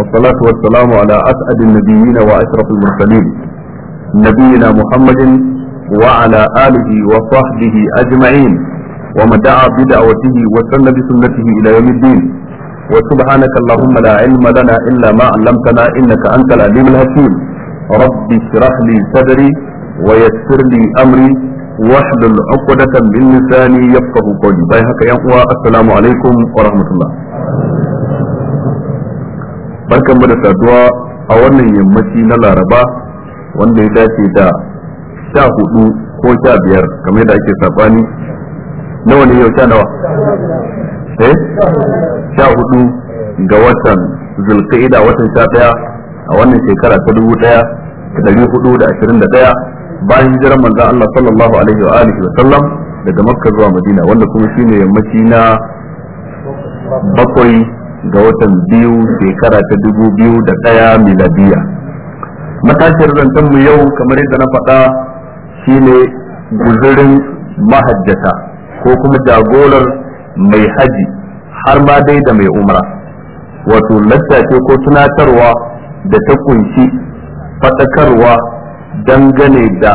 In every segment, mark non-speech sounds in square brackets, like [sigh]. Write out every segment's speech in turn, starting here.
والصلاة والسلام على أسعد النبيين وأشرف المرسلين نبينا محمد وعلى آله وصحبه أجمعين ومن دعا بدعوته وسن بسنته إلى يوم الدين وسبحانك اللهم لا علم لنا إلا ما علمتنا إنك أنت العليم الحكيم رب اشرح لي صدري ويسر لي أمري واحلل عقدة من لساني يفقه قولي باي هكا السلام عليكم ورحمة الله barkan mu da saduwa a wannan yammaci na laraba wanda ya dace da sha hudu ko sha biyar kamar da ake sabani nawa ne yau sha nawa eh sha hudu ga watan zulqa'ida watan sha daya a wannan shekara ta dubu daya da dari hudu da ashirin da daya bayan hijirar manzon Allah sallallahu alaihi wa alihi wa sallam daga makka zuwa madina wanda kuma shine yammaci na bakwai ga watan biyu shekara ta dubu biyu da ɗaya miladiya matashiyar zancen mu yau kamar yadda na faɗa shine guzurin mahajjata ko kuma jagorar mai haji har ma dai da mai umra wato lattace ko tunatarwa da ta kunshi faɗakarwa dangane da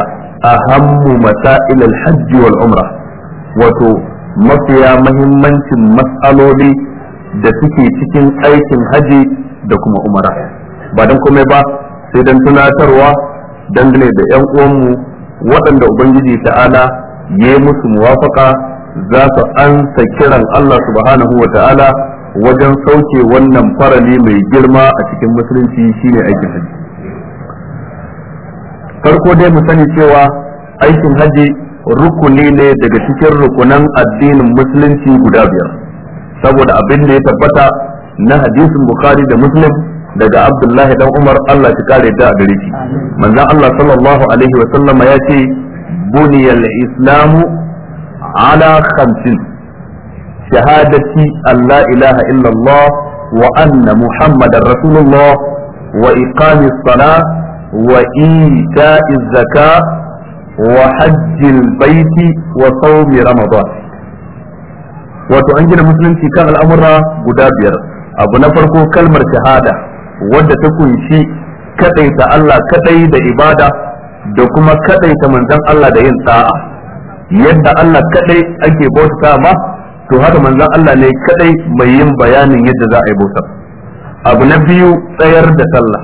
ahammu masa'ilal hajji wal umra wato mafiya mahimmancin matsaloli da suke cikin aikin haji da kuma umara ba don komai ba sai don tunatarwa dangane da yan uwanmu waɗanda ubangiji ta'ala ya yi musu muwafaka za su ansa kiran Allah subhanahu wa ta'ala wajen sauke wannan farali mai girma a cikin musulunci shine aikin haji farko dai mu sani cewa aikin haji rukuni ne daga cikin rukunan addinin musulunci guda biyar saboda abin da ya tabbata na hadisin bukhari da muslim daga abdullahi dan umar allah shi kare da gare shi manzon allah sallallahu alaihi wa sallama ya ce buniyal islamu ala khamsin shahadati allah ilaha illallah wa anna muhammadar rasulullah wa iqami sana wa ita'iz zakah wa hajjil baiti wa saumi ramadan wato an gina musulunci kan al'amura guda biyar abu na farko kalmar shahada wadda ta kunshi kadaita Allah kadai da ibada da kuma kadaita manzon Allah da yin da'a yadda Allah kadai ake bauta ma to haka manzon Allah ne kadai mai yin bayanin yadda za a yi bautar abu na biyu tsayar da sallah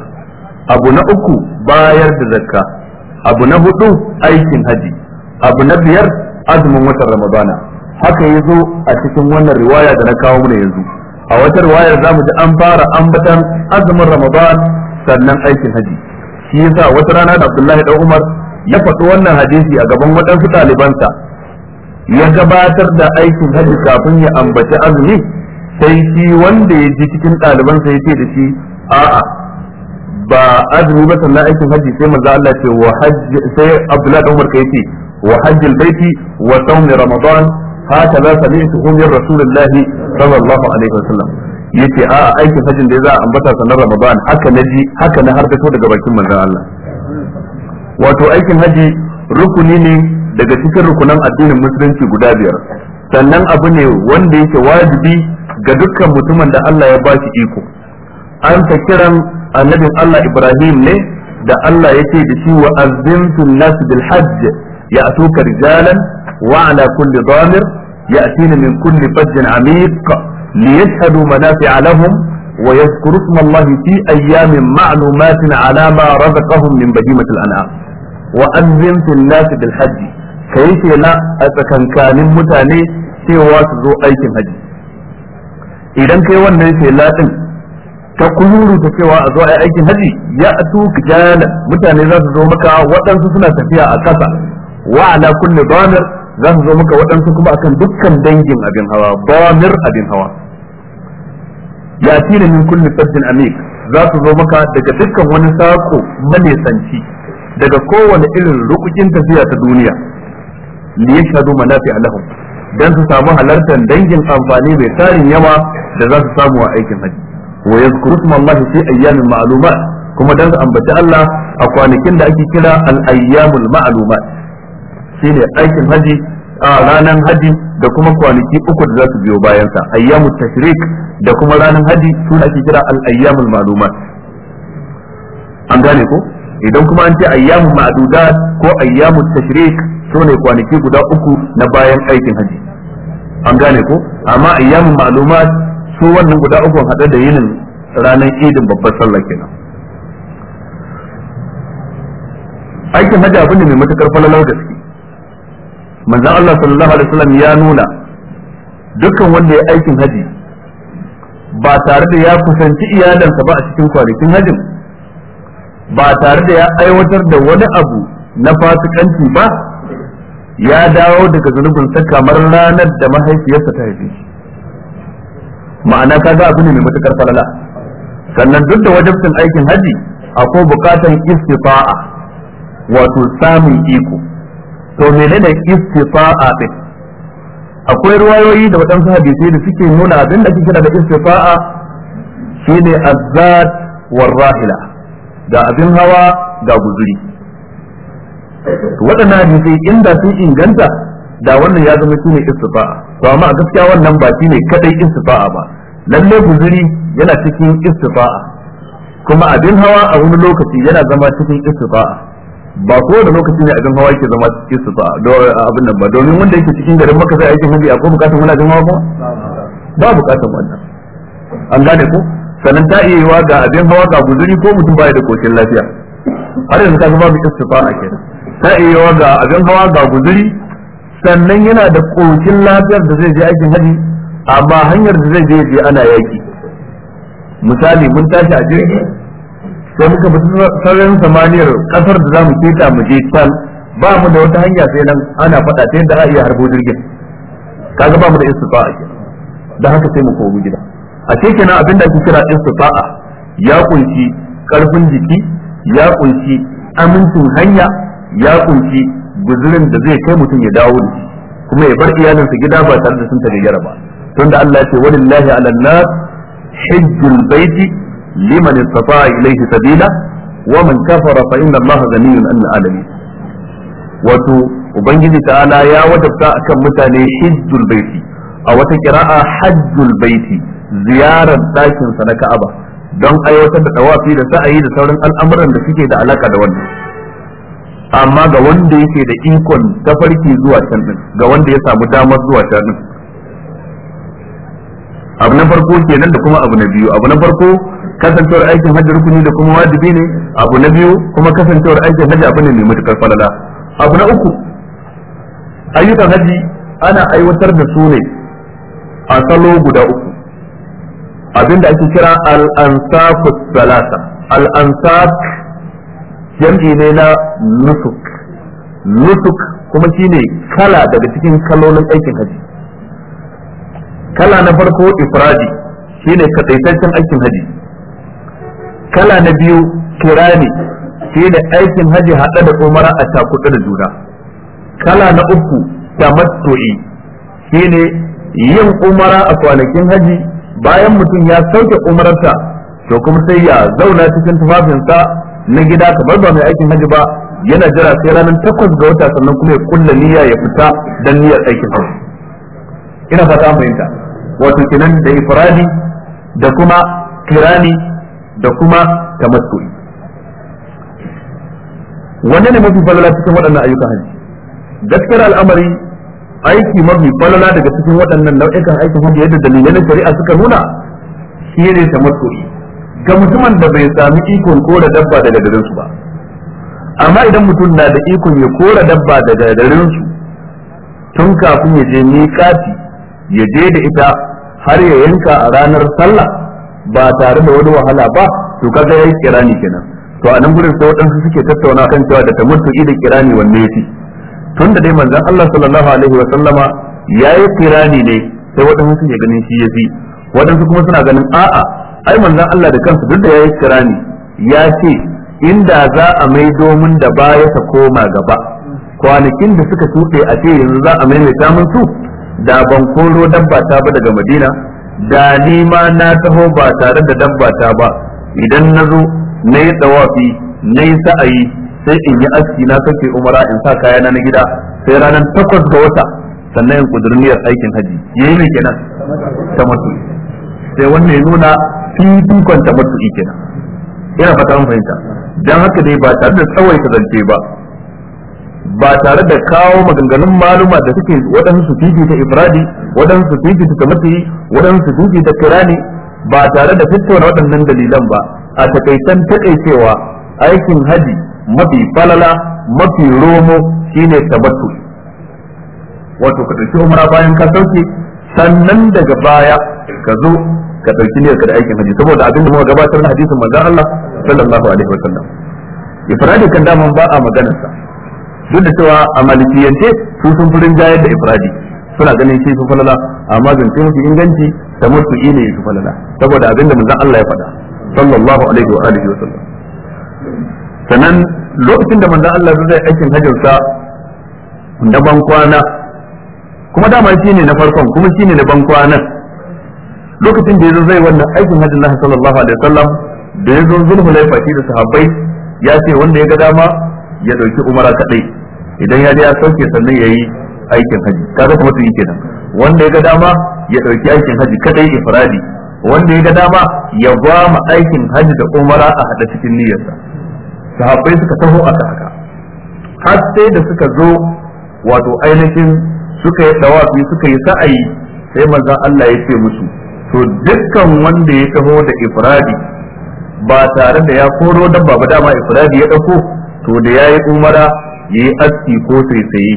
abu na uku bayar da zakka abu na hudu aikin haji abu na biyar azumin watan ramadana haka ya zo a cikin wannan riwaya da na kawo mana yanzu a wata riwayar za mu ji an fara ambatan azumin ramadan sannan aikin haji shi yasa wata rana da abdullahi dan umar ya faɗi wannan hadisi a gaban waɗansu ɗalibansa ya gabatar da aikin haji kafin ya ambaci azumi sai shi wanda ya ji cikin ɗalibansa ya ce da shi a'a ba azumi ba sannan aikin haji sai manzo Allah ce wa hajji sai abdullahi dan umar kai ce wa hajjil baiti wa sawmi ramadan hakaza sami'tuhu min rasulillahi sallallahu alaihi wasallam yace a aikin hajjin da za a ambata sanar ramadan haka ji haka na harbato daga bakin manzon Allah wato aikin haji rukuni ne daga cikin rukunan addinin musulunci guda biyar sannan abu ne wanda yake wajibi ga dukkan mutumin da Allah ya ba shi iko an ta kiran annabin Allah Ibrahim ne da Allah yake da shi wa azzimtu nas bil hajj ya'tuka rijalan وعلى كل ضامر يأتين من كل فج عميق ليشهدوا منافع لهم ويذكروا اسم الله في أيام معلومات على ما رزقهم من بهيمة الأنعام وأذن في الناس بالحج كيف لا أتكن كان متاني في ذو أيك الحج إذا كي wannan shela din ta kuluru ta cewa a zo a aikin haji ya atu kijana mutane za su zo maka waɗansu suna tafiya a ƙasa wa ala kulli damir za su zo maka waɗansu kuma akan dukkan dangin abin hawa bamir abin hawa ya tina min kulli amik za su zo maka daga dukkan wani sako manesanci daga kowane irin rukukin tafiya ta duniya li yashhadu manafi'a lahum dan su samu halartar dangin amfani mai tarin yawa da za su samu a aikin haji wa yadhkuru smallahi fi ayyamin ma'lumat kuma dan su ambaci Allah a kwanakin da ake kira al-ayyamul ma'lumat shine aikin haji a ranar haji da kuma kwanaki uku da za su biyo bayan sa ayyamu tashrik da kuma ranar haji su ake kira al ayyamul malumat an gane ko idan kuma an ce ayyamu ma'dudat ko ayyamu tashrik su ne kwanaki guda uku na bayan aikin haji an gane ko amma ayyamu malumat su wannan guda uku hada da yinin ranar idin babbar sallah kenan aikin hajji abin da mai matukar falalar gaske manzon Allah sallallahu alaihi wasallam ya nuna dukkan wanda ya aikin haji ba tare da ya kusanci iyalansa ba a cikin kwanakin hajin ba tare da ya aiwatar da wani abu na fasikanci ba ya dawo daga zunubinsa kamar ranar da mahaifiyarsa ta haife shi ma'ana ga abu ne mai matukar falala sannan duk da wajabcin aikin haji akwai bukatan istifa'a wato samun iko to menene istifa'a ɗin akwai ruwayoyi da waɗansu hadisai da suke nuna abin da kira da istita'a shine azzat war rahila ga abin hawa ga guzuri waɗannan hadisai inda sun inganta da wannan ya zama shine istifa'a to amma a gaskiya wannan ba shine kadai istifa'a ba lalle guzuri yana cikin istifa'a kuma abin hawa a wani lokaci yana zama cikin istifa'a ba ko da lokacin ne abin hawa yake zama cikin su ba abin nan ba domin wanda yake cikin garin maka sai aikin hajji akwai bukatar muna jin hawa ba ba bukatar wannan an gane ko sannan ta iya yiwa ga abin hawa ga guzuri ko mutum baya da kokin lafiya har yanzu kaga babu istifa a kenan ta iya yiwa ga abin hawa ga guzuri sannan yana da kokin lafiyar da zai je aikin hajji amma hanyar da zai je ana yaki misali mun tashi a jirgi sai muka bi sararin samaniyar kasar da zamu keta mu je can ba mu da wata hanya sai nan ana fada ta da a iya harbo jirgin kaga ba mu da istifa'a ke da haka sai mu komo gida a ce kenan abin da ake kira istifa'a ya kunshi karfin jiki ya kunshi amincin hanya ya kunshi guzurin da zai kai mutum ya dawo da shi kuma ya bar iyalinsa gida ba tare da sun tagayyara ba tunda Allah ya ce walillahi ala nas hajjul baiti liman istata'a ilayhi sabila wa man kafara fa inna allaha ghaniyyun 'anil 'alamin wato ubangiji ta'ala ya wadabta kan mutane hijjul baiti a wata kira'a hajjul baiti ziyarar dakin sa na Ka'aba don aiwatar da tawafi da sa'ayi da sauran al'amuran da suke da alaka da wannan amma ga wanda yake da ikon tafarki zuwa can din ga wanda ya samu damar zuwa can din abu na farko kenan da kuma abu na biyu abu na farko kasancewar aikin hajji rukuni da kuma wajibi ne abu na biyu kuma kasancewar aikin hajji abu ne mai matukar falala abu na uku ayyukan hajji ana aiwatar da su ne a salo guda uku abinda ake kira al salasa jam'i ne na nusuk nusuk kuma shine kala daga cikin kalolin aikin haji kala na farko ifradi shine kadaitaccen aikin haji kala na biyu kirani shi da aikin haji hada da umara a cakuɗe da juna kala na uku tamattu'i shi ne yin umara a kwanakin haji bayan mutum ya sauke umararta to kuma sai ya zauna cikin tufafinsa na gida kamar ba mai aikin haji ba yana jira sai ranar takwas ga wata sannan kuma ya kulla niyya ya fita don niyyar aikin haji ina fata fahimta wato kinan da ifirani da kuma kirani da kuma tamattu'i wanne ne mafi falala cikin waɗannan ayyukan hajji gaskiyar al'amari aiki mafi falala daga cikin waɗannan nau'ikan aikin hajji yadda dalilan shari'a suka nuna shi ne tamattu'i ga mutumin da bai sami ikon kora dabba daga garinsu ba amma idan mutum na da ikon ya kora dabba daga garinsu tun kafin ya je miƙati ya je da ita har ya yanka a ranar sallah ba tare da wani wahala ba to kaga yayi kirani kenan to a nan gurin sai waɗansu suke tattauna kan cewa da tamattu'i da kirani wanne yafi tunda dai manzon Allah sallallahu alaihi wa sallama yayi kirani ne sai waɗansu suke ganin shi yafi waɗansu kuma suna ganin a'a ai manzon Allah da kansu duk da yayi kirani ya ce inda za a maido mun da baya ta koma gaba kwanakin da suka shuɗe a ce yanzu za a mai mun su da ban koro dabba ta ba daga Madina da ni ma na taho ba tare da dabbata ba idan na zo na yi tsawafi na yi sa'ayi sai in yi aski na kake umara in sa kayana na gida sai ranar takwas ga wata sannan in kudurniyar aikin haji ya yi kenan ta mutu sai wannan ya nuna fifikon ta mutu kenan ina fata mun fahimta dan haka dai ba tare da tsawaita zance ba ba tare da kawo maganganun maluma da suke waɗansu su ta ifradi waɗansu su ta tamati waɗansu su ta kirani ba tare da tattauna waɗannan dalilan ba a takaitan taƙaicewa aikin haji mafi falala mafi romo shine tabattu wato ka ɗauki umara bayan ka sauke sannan daga baya ka zo ka ɗauki niyyar ka da aikin haji saboda abin da muka gabatar na hadisin manzon Allah sallallahu alaihi wasallam ifradi kan daman ba a maganarsa duk da cewa a malikiyance su sun fi rinjayar da ifradi suna ganin shi su falala amma zance mafi inganci da mutu ne su falala saboda abin da manzon Allah ya faɗa sallallahu alaihi wa alihi wa sallam sanan lokacin da manzon Allah zai aikin hajjin sa na ban kwana kuma dama ne na farkon kuma shi ne na ban kwana lokacin da yazo zai wannan aikin hajjin Allah sallallahu alaihi wa sallam da yazo zulhu laifa shi da sahabbai ya ce wanda ya ga dama ya dauki umara kadai idan ya ya sauke sannan ya yi aikin haji kaga kuma sun yi kenan wanda ya ga dama ya ɗauki aikin haji kadai ifradi wanda ya ga dama ya ba mu aikin haji da umara a hada cikin niyyarsa sahabbai suka taho a haka har sai da suka zo wato ainihin suka yi dawafi suka yi sa'ayi sai manzon Allah ya ce musu to dukkan wanda ya taho da ifradi ba tare da ya koro dabba ba dama ifradi ya ɗauko, to da yayi umara Yi aski ko tsaye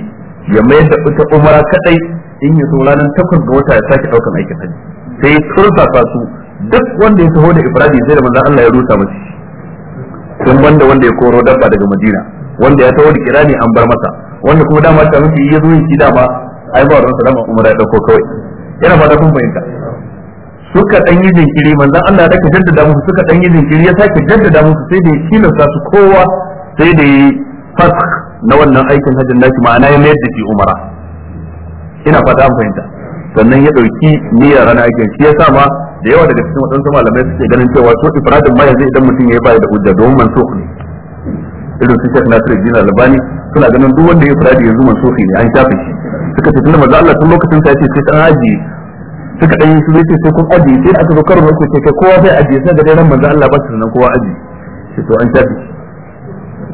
ya mai da ita umara kadai in ya so ranar takwas ga wata ya sake daukan aikin hajji sai turfafa su duk wanda ya taho da ibrahim sai da manzon Allah ya rusa masa sun banda wanda ya koro dabba daga madina wanda ya taho da kirani an bar masa wanda kuma dama ta mafi ya zo yin shi dama ai ba ransa dama umara ya dauko kawai yana fata kun fahimta suka dan yi jinkiri manzon Allah da ka jaddada musu suka dan yi jinkiri ya sake jaddada musu sai da ya kilasa su kowa sai da ya fask na wannan aikin hajjin naki ma'ana ya mayar da shi umara ina fata an fahimta sannan ya dauki niyyar ranar aikin shi yasa ma da yawa daga cikin waɗansu malamai suke ganin cewa to ifradin ma yanzu idan mutum ya yi baya da hujja domin mansukh ne irin su Sheikh Nasir Jina Albani suna ganin duk wanda ya ifradi yanzu man mansukh ne an shafe shi suka ce tunda manzo Allah tun lokacin sa yace sai dan ajiye suka dan yi su yace sai kun ajiye sai aka zo karo na uku kai kowa sai ajiye sai da dai ran manzo Allah ba su nan kowa ajiye sai to an shafe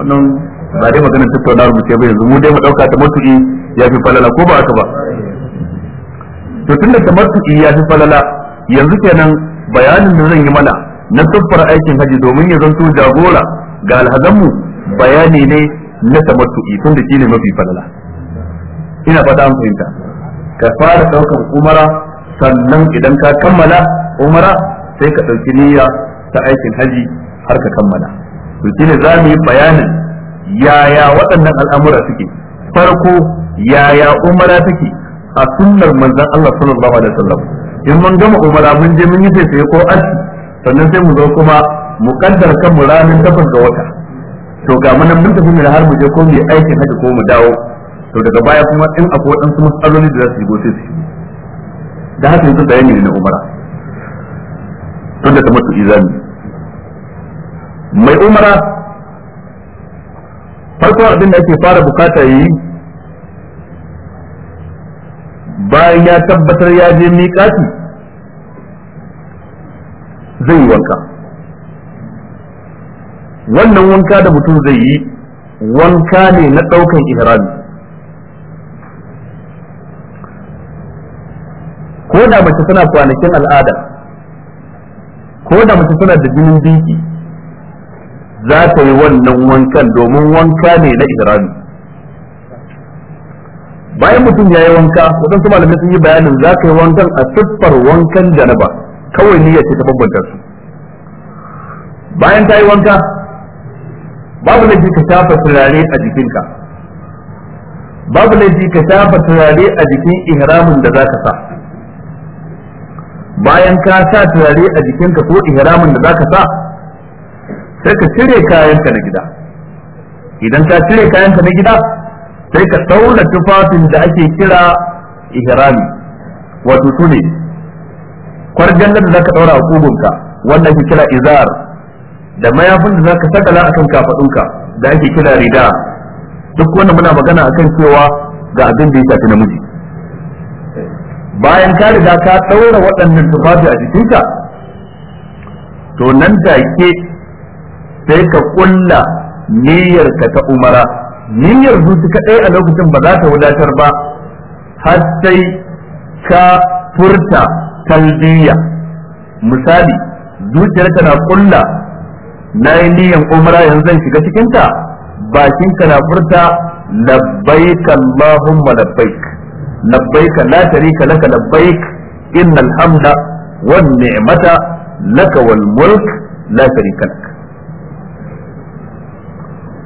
wannan ba dai maganar tattauna rubuce ba yanzu mu dai mu dauka ta matu'i ya fi falala ko ba haka ba to tunda ta matu'i ya fi falala yanzu kenan bayanin da zan yi mana na tuffar aikin haji domin ya zanto jagora ga alhazanmu bayani ne na tamattu'i tun da shine mafi falala ina fata an fahimta ka fara daukar umara sannan idan ka kammala umara sai ka dauki niyya ta aikin haji har ka kammala to shine za mu yi bayanin yaya waɗannan al'amura suke farko yaya umara take a sunnar manzan Allah sallallahu alaihi wasallam in mun gama umara mun je mun yi sai ko arsi sannan sai mu zo kuma mu kaddar kan mu ranar takwas ga wata to ga mun mun tafi mu har mu je ko mu yi aikin haka ko mu dawo to daga baya kuma in akwai su matsaloli da za su yi sai su da haka yanzu bayani ne na umara tun da ta mutu izami mai umara farko abin da ake fara bukata yi bayan ya tabbatar ya je miƙati zai yi wanka wannan wanka da mutum zai yi wanka ne na ɗaukan ihrami ko da mace tana kwanakin al'ada ko da mace tana da jinin biki za ta yi wannan wankan domin wanka ne na idrami bayan mutum ya yi wanka waɗansu malamai sun yi bayanin za ka yi wankan a siffar wankan janaba kawai niyyar ce ta bambanta su bayan ta yi wanka babu laifi ka shafa turare a jikinka babu laifi ka shafa turare a jikin ihramin da za ka sa bayan ka sa turare a jikinka ko ihramin da za ka sa sai ka cire kayanka na gida idan ka cire kayanka na gida sai ka daura tufafin da ake kira ihrami wato ne kwarjan da zaka daura a kugunka wanda ake kira izar da mayafin da zaka sakala akan kafadunka da ake kira rida duk wanda muna magana akan cewa ga abin da ya shafi namiji bayan ka riga ka daura waɗannan tufafi a jikinka to nan da ke sai ka kulla niyyar ka ta umara niyyar zuci kadai a lokacin ba za ta wadatar ba har sai ka furta talbiya misali zuciyarka na kulla na yi niyyar umara yanzu zan shiga cikinta bakinka na furta labbaik allahumma labbaik labbaik la sharika laka labbaik innal hamda wan ni'mata laka wal mulk la sharika lak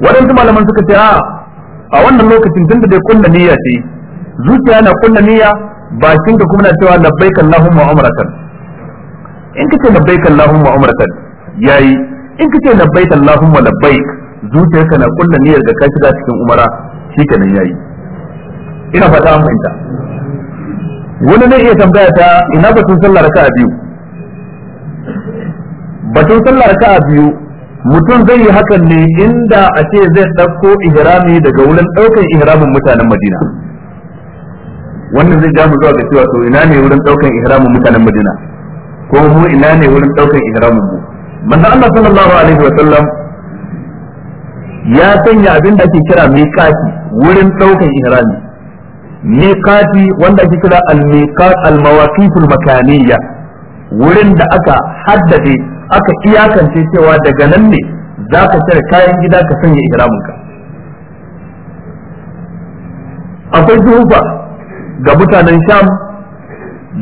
waɗansu malaman suka ce a a wannan lokacin tun da dai kunna niyya ce zuciya na kunna niyya bakin ka kuma na cewa labbaik allahumma umratan in kace labbaik allahumma umratan yayi in kace labbaik allahumma labbaik zuciyarka na kunna niyyar da ka shiga cikin umara shikenan yayi ina fata an fahimta wani ne iya tambaya ta ina batun sallah raka'a biyu batun sallah raka'a biyu mutum zai yi hakan ne inda a ce zai ɗauko ihrami daga wurin ɗaukan ihramin mutanen madina wannan zai ja mu zuwa ga cewa to ina ne wurin ɗaukan ihramin mutanen madina ko mu ina ne wurin ɗaukan ihramin mu manzo Allah sallallahu alaihi wa sallam ya sanya abin da ake kira miqati wurin ɗaukan ihrami miqati wanda ake kira al-miqat al-mawaqif al-makaniyya wurin da aka haddace aka iyakance cewa daga nan ne za ka cire kayan gida ka sanya ihramin akwai duhufa ga mutanen sham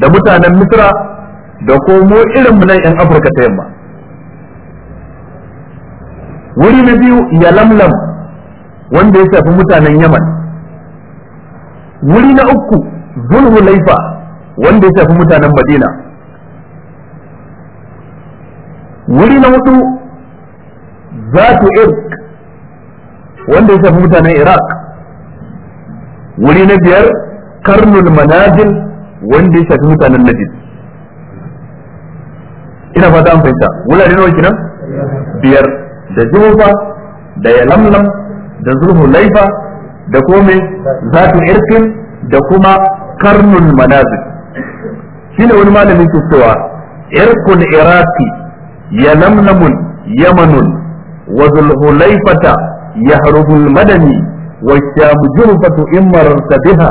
da mutanen misra da komo irin mu nan yan afirka ta yamma wuri na biyu ya lamlam wanda ya shafi mutanen yaman wuri na uku zulhu laifa wanda ya shafi mutanen madina wuri na hudu ta irk wanda ya shafi mutanen iraq wuri na biyar karnul manajin wanda ya shafi mutanen najid ina fata an fahimta wurare nawa kenan biyar da jufa da yalamlam da zulhu laifa da kome zatu irkin da kuma karnul manazil shine wani malamin ke cewa irkul iraqi يلملم يمن وذو الحليفة يهرب المدني والشام جرفة إن مررت بها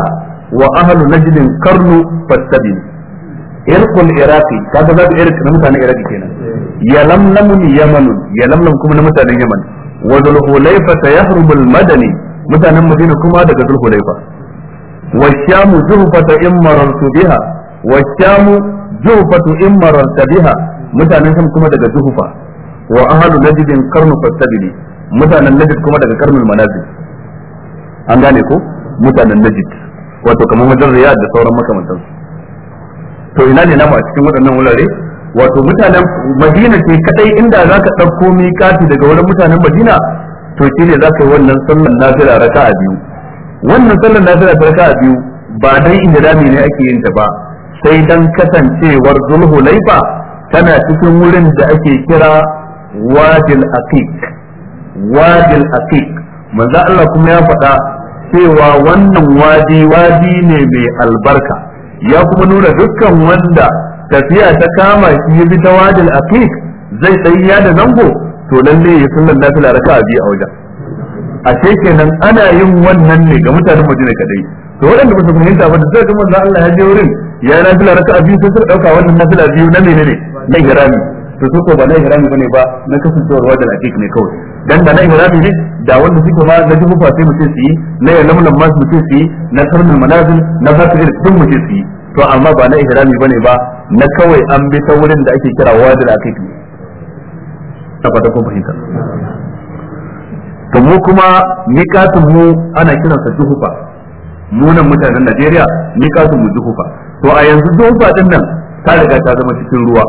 وأهل نجد قرن فاتبني إرق العراقي كذا ذات إرق نمتان إرقي كنا يلملم يمن يلملم كم نمتان يمن وذو الحليفة يهرب المدني متان مدينة كما دقى ذو الحليفة والشام جرفة إن مررت بها والشام juhfatu in mararta biha mutanen sam kuma daga juhfa wa ahlu najd qarnu fastabili mutanen najd kuma daga qarnul manazil an gane ko mutanen najd wato kamar wajen riyad da sauran makamantan to ina ne namu a cikin waɗannan wurare wato mutanen madina ce kadai inda za ka ɗauko miƙati daga wurin mutanen madina to shi ne za ka yi wannan sallan nafila raka'a biyu wannan sallan nafila ta raka'a biyu ba dai inda ne ake yin ta ba sai dan kasancewar zulhulaifa tana cikin wurin da ake kira wadil aqiq wadil aqiq manzo Allah kuma ya faɗa cewa wannan wadi wadi ne mai albarka ya kuma nuna dukkan wanda tafiya ta kama shi ya bi ta wadil aqiq zai tsayya da zango to lalle ya sunnan nafila raka'a biyu a wajen a ce kenan ana yin wannan ne ga mutanen Madina kadai to waɗanda ba su fahimta ba da sai kuma Allah ya je wurin ya yi nafila raka'a biyu sai suka dauka wannan nafila biyu na ne, na ihrami to su ko ba na ihrami bane ba na kasancewar wajen hakik ne kawai dan da na ihrami ne da wanda suke ma na jufa sai mu ce su yi na ya lamlam ma mu ce su yi na sarmin manazil na fatir sun mu ce su yi to amma ba na ihrami bane ba na kawai an bi ta wurin da ake kira wajen hakik ne ta fata ko fahimta to mu kuma miƙatun mu ana kiransa juhufa munan mutanen Najeriya miƙatun mu juhufa to a yanzu juhufa din nan ta riga ta zama cikin ruwa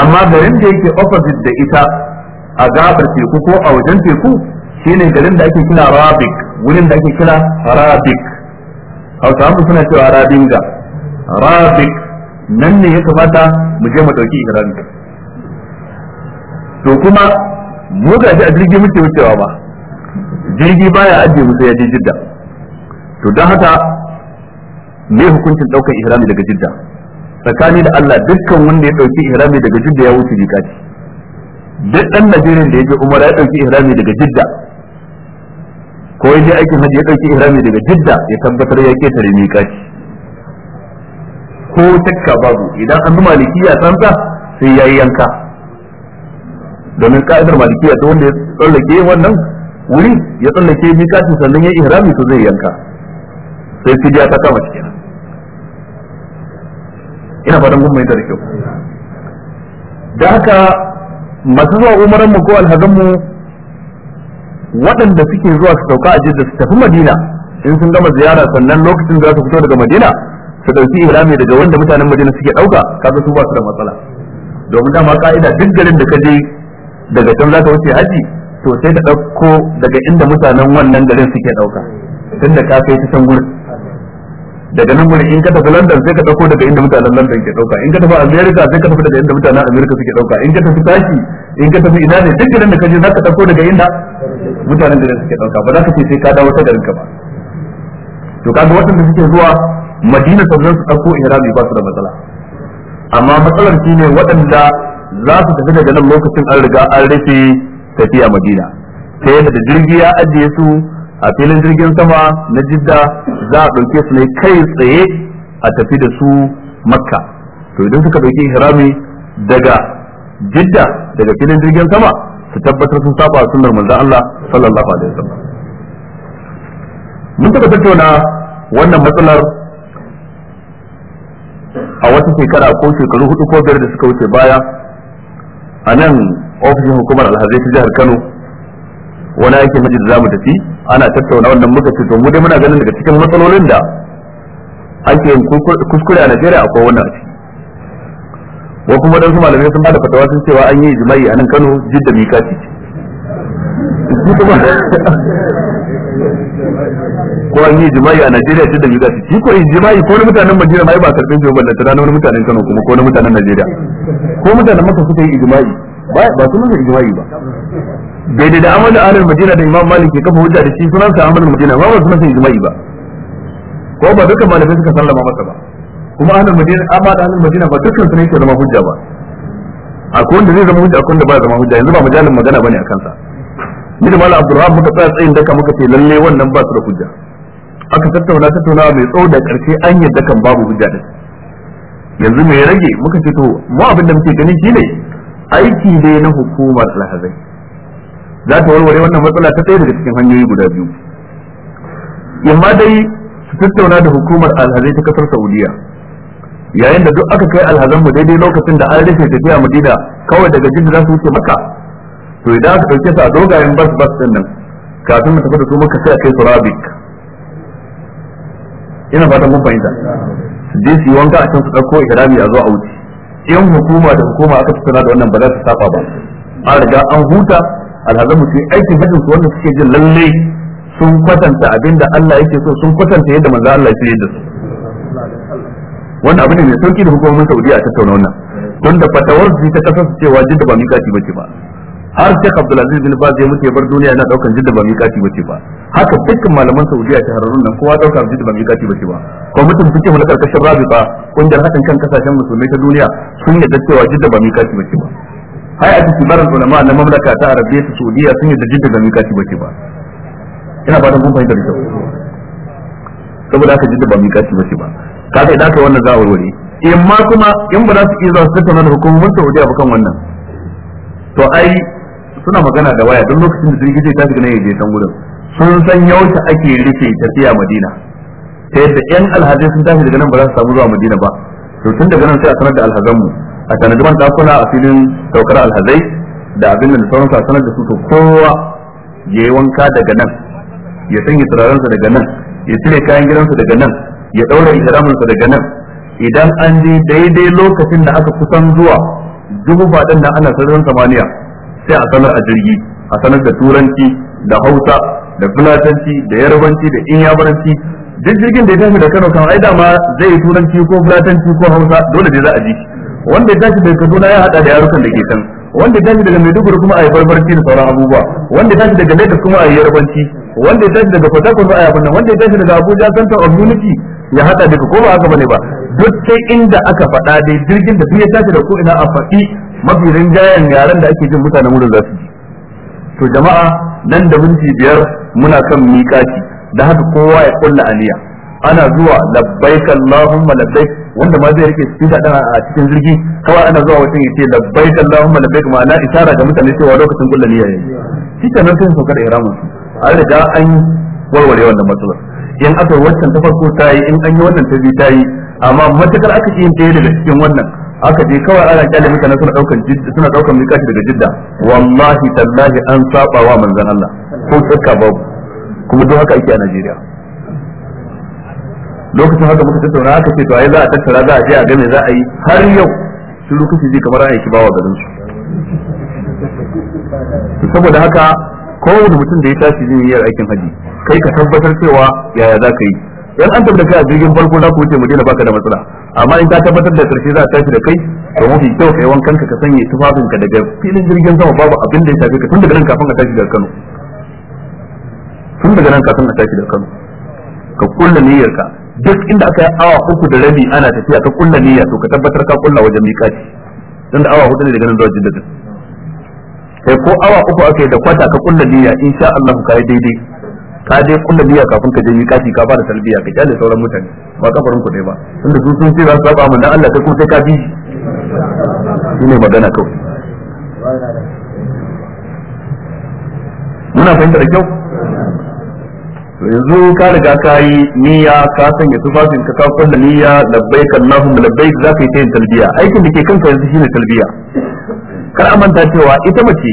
amma garin da yake opposite da ita a gabar teku ko a wajen teku shine garin da ake kira Rabik wurin da ake kira Rabik Hausawa suna cewa Rabinga Rabik nan ne ya kamata mu je mu dauki ihrami to kuma mu ga a jirgi muke wucewa ba jirgi baya ajiye mu sai ya je jidda to don haka me hukuncin daukar ihrami daga jidda tsakani da Allah dukkan wanda ya dauki ihrami daga jidda ya wuce ce duk dan Najeriya da ya je Umar ya dauki ihrami daga jidda ko ya je aikin hajji ya dauki ihrami daga jidda ya tabbatar ya ketare miƙati ko takka babu idan an bi malikiya tsanta sai yayi yanka domin ka'idar malikiya ta wanda ya tsallake wannan wuri ya tsallake mikati sannan ya ihrami to zai yanka sai fidiya ta kama shi kenan ina fatan kun mai da kyau da haka masu zuwa umaran mu ko alhazan mu waɗanda suke zuwa su sauka a jidda su tafi madina in sun gama ziyara sannan lokacin za su fito daga madina su ɗauki ihrami daga wanda mutanen madina suke ɗauka, kaga su ba su da matsala domin dama ka'ida duk garin da ka je daga can za ka wuce haji to sai ka ɗauko daga inda mutanen wannan garin suke ɗauka tun da ka kai ta can gurin daga nan gurin in ka tafi London sai ka ɗauko daga inda mutanen London ke ɗauka, in ka tafi America sai ka tafi daga inda mutanen America suke ɗauka, in ka tafi tashi in ka tafi ina ne duk garin da ka je za ka ɗauko daga inda mutanen garin suke ɗauka, ba za ka ce sai ka dawo ta garin ka ba to kaga da suke zuwa Madina sannan su ɗauko ihrami ba su da matsala amma matsalar shine waɗanda za su tafi daga nan lokacin an riga an rufe tafiya madina ta da jirgi ya ajiye su a filin jirgin sama na jidda za a ɗauke su ne kai tsaye a tafi da su makka to idan suka ɗauki harami daga jidda daga filin jirgin sama su tabbatar sun saba sunar manzan Allah sallallahu alaihi wa sallam mun taɓa tattauna wannan matsalar a wata shekara ko shekaru hudu ko biyar da suka wuce baya a nan ofishin hukumar alhazai ta jihar kano wani aiki hajji da mu tafi ana tattauna wannan muka ce to mu dai muna ganin daga cikin matsalolin da ake yin kuskure a najeriya akwai wannan a ciki ko kuma dan su malamai sun bada fatawa sun cewa an yi jima'i a nan kano jidda mika ce ko an yi jima'i a Najeriya tun da biza ce shi ko in jima'i ko na mutanen Najeriya mai ba karbin jima'i tana na mutanen Kano kuma ko na mutanen Najeriya ko mutanen Makka suka yi jima'i ba ba su nuna jima'i ba daidai da amalin ahlul Madina da Imam Malik ke kafa hujja da shi sunan sa amalin Madina ba ba su nuna jima'i ba ko ba dukkan malamai suka sallama masa ba kuma ahlul Madina amma da ahlul Madina ba dukkan su ne ke zama hujja ba A akwai wanda zai zama hujja akwai wanda ba zama hujja yanzu ba majalin magana bane akan sa ni da malam Abdulrahman muka tsaya tsayin daka muka ce lalle wannan ba su da hujja aka tattauna tattauna mai tsawo da karshe an yadda kan babu hujja din yanzu mai rage muka ce to mu abin da muke ganin shine aiki ne na hukumar alhazai za ta warware wannan matsala ta tsaye daga cikin hanyoyi guda biyu ma dai su tattauna da hukumar alhazai ta kasar saudiya yayin da duk aka kai alhazan mu daidai lokacin da an rufe tafiya madina kawai daga jidda za su wuce maka to idan aka ɗauke su a dogayen bas bas din nan kafin mu tafi da su muka sai a kai su rabik ina fatan mun fahimta su je su yi wanka a can su ɗauko ihrami a zo a wuce in hukuma da hukuma aka tattauna da wannan ba za su saba ba an riga an huta alhazan mutum aikin hajjin su wanda suke jin lalle sun kwatanta abinda Allah yake so sun kwatanta yadda manzo Allah ya yi da su wannan abu ne mai sauki da hukumomin Saudiya a tattauna wannan don da fatawar su ta kasance cewa jidda ba mikati bace ba har Sheikh Abdul Aziz bin Baz ya mutu ya bar duniya yana daukan jidda ba miƙati bace ba haka dukkan malaman Saudiya hararun nan kowa dauka jidda ba miƙati bace ba ko mutum suke mu da karkashin rabita kungiyar hakan kan kasashen musulmai ta duniya sun yadda cewa jidda ba miƙati bace ba cikin barin ulama na mamlaka ta Arabiya ta Saudiya sun yadda jidda ba miƙati bace ba ina fatan kun fahimta da kyau saboda haka jidda ba miƙati bace ba kaga idan ka wannan za a warware in ma kuma in ba za su iya zuwa su tattauna da hukumomin Saudiya ba kan wannan to ai suna magana da waya don lokacin da jirgin zai tafi na yaje can gurin sun san yaushe ake rike tafiya madina ta yadda yan alhazai sun tafi daga nan ba za su samu zuwa madina ba to tun daga nan sai a sanar da alhazanmu a tanadi man dakuna a filin daukar alhazai da abin da sauran sa sanar da su to kowa ya yi wanka daga nan ya sanya turarensa daga nan ya cire kayan gidansa daga nan ya daura sa daga nan idan an je daidai lokacin da aka kusan zuwa dubu faɗin da ana sararin samaniya sai a sanar a jirgi a sanar da turanci da hausa da fulatanci da yarbanci da inyabaranci duk jirgin da ya tashi da kano kan ai dama zai yi turanci ko fulatanci ko hausa dole ne za a ji wanda ya tashi daga kaduna ya hada da yarukan da ke can wanda ya tashi daga maiduguri kuma a yi barbarci da sauran abubuwa wanda ya tashi daga lagos kuma a yi yarbanci wanda ya tashi daga port harcourt a yi abin wanda ya tashi daga abuja center of unity ya hada daga ko ba haka bane ba duk sai inda aka faɗa dai jirgin da duk ya tashi da ko ina a faɗi mafi rinjayen yaren da ake jin mutanen wurin za su ji to jama'a nan da minti biyar muna kan miƙaci da haka kowa ya kulla aniya ana zuwa labbaik allahumma labbaik wanda ma zai rike cikin kaɗan a cikin jirgi kawai ana zuwa mutum ya ce labbaik allahumma labbaik ma'ana isara ga mutane cewa lokacin kulla niyya yayi shi ta nan sun saukar ihramin su an riga an warware wannan matsalar in aka wancan ta farko ta yi in an yi wannan ta biyu ta yi amma matakar aka yi ɗaya daga cikin wannan aka je kawai ana kyale mutane suna daukan suna daukan mikati daga jidda wallahi tallahi an saba wa manzon Allah ko tsaka babu kuma duk haka ake a Najeriya lokacin haka muka tattauna haka ce to ai za a tattara za a je a ga me za a yi har yau shi lokaci ji kamar ana wa garin su saboda haka kowane mutum da ya tashi zai yi aikin haji kai ka tabbatar cewa yaya za ka yi Yan an tabbata a jirgin farko za ku wuce mu madina baka da matsala amma in ka tabbatar da karshe za a tashi da kai to mafi kyau kai wankan ka sanya tufafin ka daga filin jirgin sama babu abin da ya shafe ka tun daga nan kafin a tashi daga Kano tun daga nan kafin a tashi daga Kano ka kulla niyyar ka duk inda aka yi awa uku da rabi ana tafiya ka kulla niyya to ka tabbatar ka kulla wajen miƙati dan da awa hudu ne daga nan zuwa Jidda sai ko awa uku aka yi da kwata ka kulla niyya insha Allah ka yi daidai ka je kunna biya kafin ka je kaci ka fara talbiya ka kyale sauran mutane ba kafarin ku dai ba tunda su sun ce za su saba dan Allah sai kuma sai ka bi shi ne magana kawai muna fahimta da kyau yanzu ka riga ka yi niyya ka sanya tufafin ka ka kulla niyya labbaik allahumma labbaik za ka yi ta yin talbiya aikin da ke kanka yanzu shine talbiya kar amanta cewa ita mace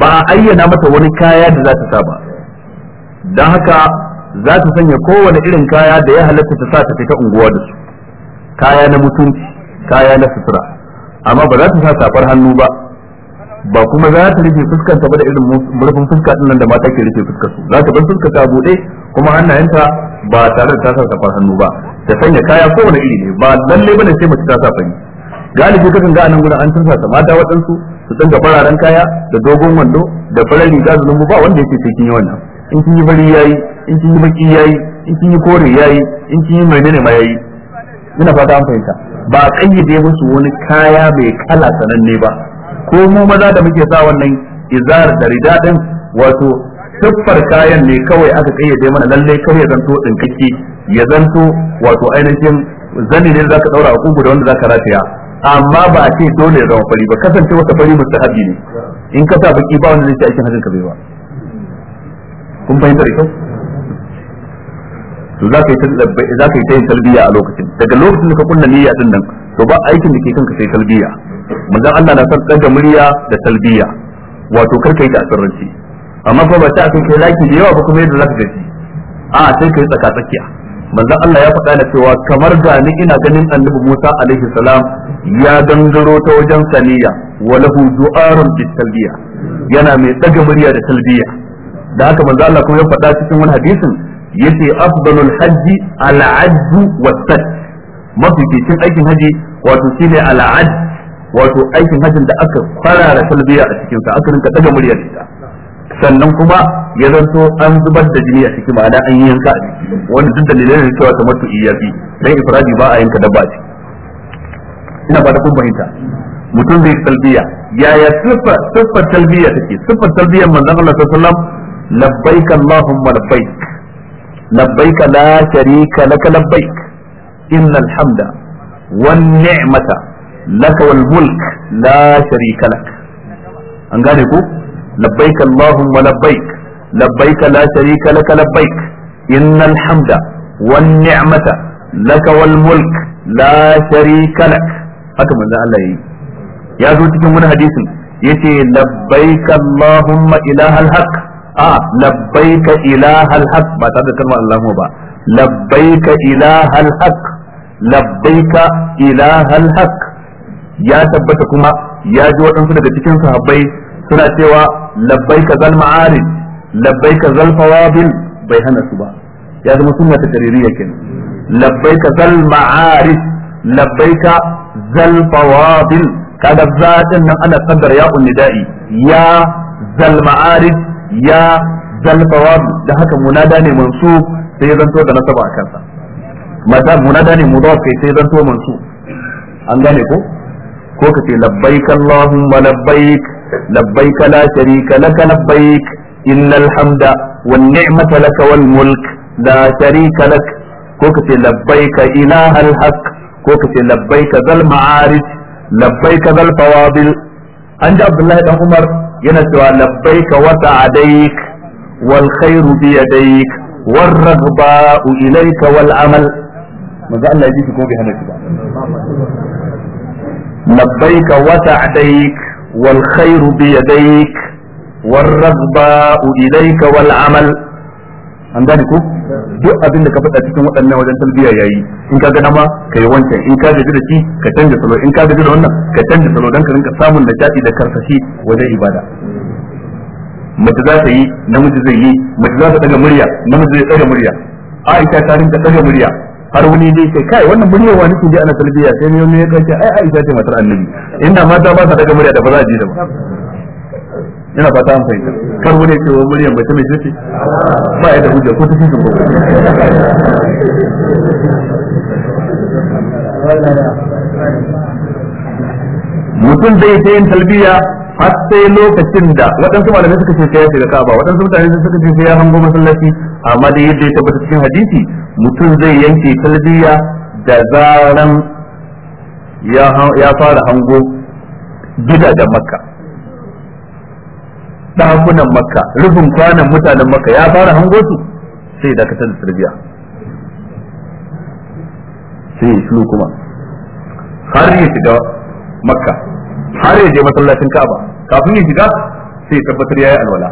ba a ayyana mata wani kaya da za ta sa ba don haka za ta sanya kowane irin kaya da ya halatta ta sa ta fita unguwa da su kaya na mutunci kaya na sutura amma ba za ta sa safar hannu ba ba kuma za ta rufe fuskanta ba da irin murfin fuska din nan da mata ke rufe fuskar su za ta bar fuska ta bude kuma hannayenta ba tare da ta sa safar hannu ba ta sanya kaya kowane iri ne ba lalle bane sai mace ta sa fari galibi kakan ga nan gudan an tursa mata waɗansu su dinga fararen kaya da dogon wando da farar riga da lumbu ba wanda yake cikin yi wannan in kin yi bari yayi in kin yi baki yayi in kin yi kore yayi in kin yi menene ma yayi ina fata an fahimta ba a kayyade musu wani kaya mai kala sananne ba ko mu maza da muke sa wannan izar da rida din wato siffar kayan ne kawai aka kayyade mana lalle kawai ya zanto dinkake ya zanto wato ainihin zani ne zaka daura a kungu da wanda zaka rataya amma ba a ce dole ya zama fari ba kasance wata fari mustahabi ne in ka sa baki ba wanda zai ci aikin hajjin ka bai ba kun fahimta da kyau to za ka yi za ka yi ta yin talbiya a lokacin daga lokacin da ka kunna niyya din nan to ba aikin da ke kanka sai talbiya manzon Allah na san daga murya da talbiya wato kar ka yi ta asirranci amma fa ba ta kai laki da yawa ba kuma yadda za ka gaji a sai ka yi tsaka tsakiya manzon Allah ya faɗa da cewa kamar da ni ina ganin annabi Musa alaihi salam ya gangaro ta wajen saniya wa du'arun bit talbiya yana mai daga murya da talbiya da haka manzon Allah kuma ya faɗa cikin wani hadisin yace afdalul hajji al-ajj wa sat mafi cikin aikin haji wato shine al-ajj wato aikin hajjin da aka da talbiya a cikin sa aka rinka daga murya da ita sannan kuma ya zanto an zubar da jini a ciki ma'ana an yi yanka a ciki wanda duk dalilai ne cewa tamattu iyafi dan ifradi ba a yanka dabba ce ina ba da kun fahimta mutum zai talbiya yaya siffar siffar talbiya take siffar talbiya manzon Allah sallallahu alaihi wasallam labbaik allahumma labbaik labbaik la sharika laka labbaik innal hamda wan ni'mata laka wal mulk la sharika lak an gane ku labbaik allahumma labbaik labbaik la sharika laka labbaik innal hamda wan ni'mata laka wal mulk la sharika lak haka manzo Allah ya zo cikin wani hadisin yace labbaik allahumma ilahal haqq a labbaik ilahal haqq ba tare da kalmar allahumma ba labbaik ilahal haqq labbaik ilahal haqq ya tabbata kuma ya ji waɗansu daga cikin sahabbai suna cewa labbaika zal ma'arij labbaika zal fawadil bai hana su ba ya zama sunna ta yake. kenan labbaika zal ma'arij labbaika zal fawadil kaga zaɗin nan ana kaddara ya unnida'i ya zal ma'arij ya zal fawadil da haka munada ne mansub sai ya zanto da nasaba a kansa mata munada ne mudaf kai sai zanto mansub an gane ko ko ka ce labbaik allahumma labbaik لبيك لا شريك لك لبيك إن الحمد والنعمة لك والملك لا شريك لك كوكت لبيك إله الحق كوكت لبيك ذا المعارف لبيك ذا الفواضل عند عبد الله بن عمر ينسوا لبيك وسعديك والخير بيديك والرغباء إليك والعمل ماذا الله يجيك كوكي هناك لبيك وسعديك والخير بيديك والرغباء إليك والعمل an gane ko duk abin da ka faɗa cikin waɗannan wajen talbiya yayi in ka ga dama kai wancan in ka gaji da shi ka canja salo in ka gaji da wannan ka canja salo dan ka rinka samun da jati da karsashi wajen ibada mace za ta yi namiji zai yi mace za ta daga murya namiji zai daga murya Aisha ta rinka daga murya har wani ne sai kai wannan muryar wani ke ana talbiya sai ne ya kace ai Aisha ce matar annabi inda mata ba ta daga murya da ba za a ji da ba ina fata an fahimta kar wani ce wa muryar ta mai ce ba ya da hujja ko ta cikin ko mutum zai ta yin talbiya har sai lokacin da waɗansu malamai suka ce sai ya shiga Ka'aba waɗansu mutane suka ce sai ya hango masallaci amma da yadda ya tabbata cikin hadisi mutum zai yanke talbiya da zaran ya fara hango gidajen Makka ɗakunan Makka rufin kwanan mutanen Makka ya fara hango su sai dakatar da talbiya sai shi kuma har ya shiga Makka har ya je masallacin Ka'aba kafin ya shiga sai ya tabbatar yayi alwala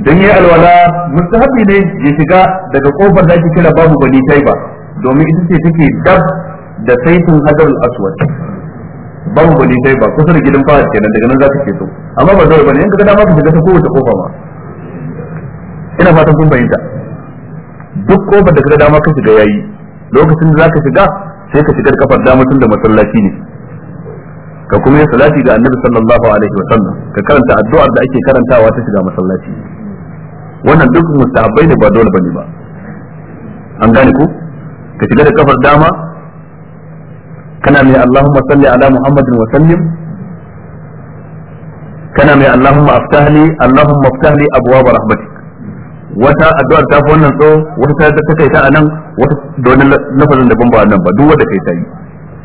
idan yayi alwala mustahabi ne ya shiga daga kofar da ake kira babu bani taiba domin ita ce take dab da saitin al aswad babu bani taiba kusa da gidan fara kenan daga nan za ke so amma ba zai bane in ka ga dama ka shiga ta kowace kofa ma ina fatan kun bayyana duk kofar da ka ga dama ka shiga yayi lokacin da za ka shiga sai ka shigar kafar dama tun da masallaci ne ka kuma yi salati ga annabi sallallahu alaihi wa sallam ka karanta addu'ar da ake karantawa ta shiga masallaci wannan duk mustahabbai ne ba dole bane ba an gane ku ka shiga da kafar dama kana mai Allahumma salli ala Muhammadin wa sallim kana mai Allahumma aftahli Allahumma aftahli abwaab rahmatik wata addu'ar ta fi wannan tso wata ta ta kai ta anan wata donin lafazin da bamba wannan ba duk wanda kai ta yi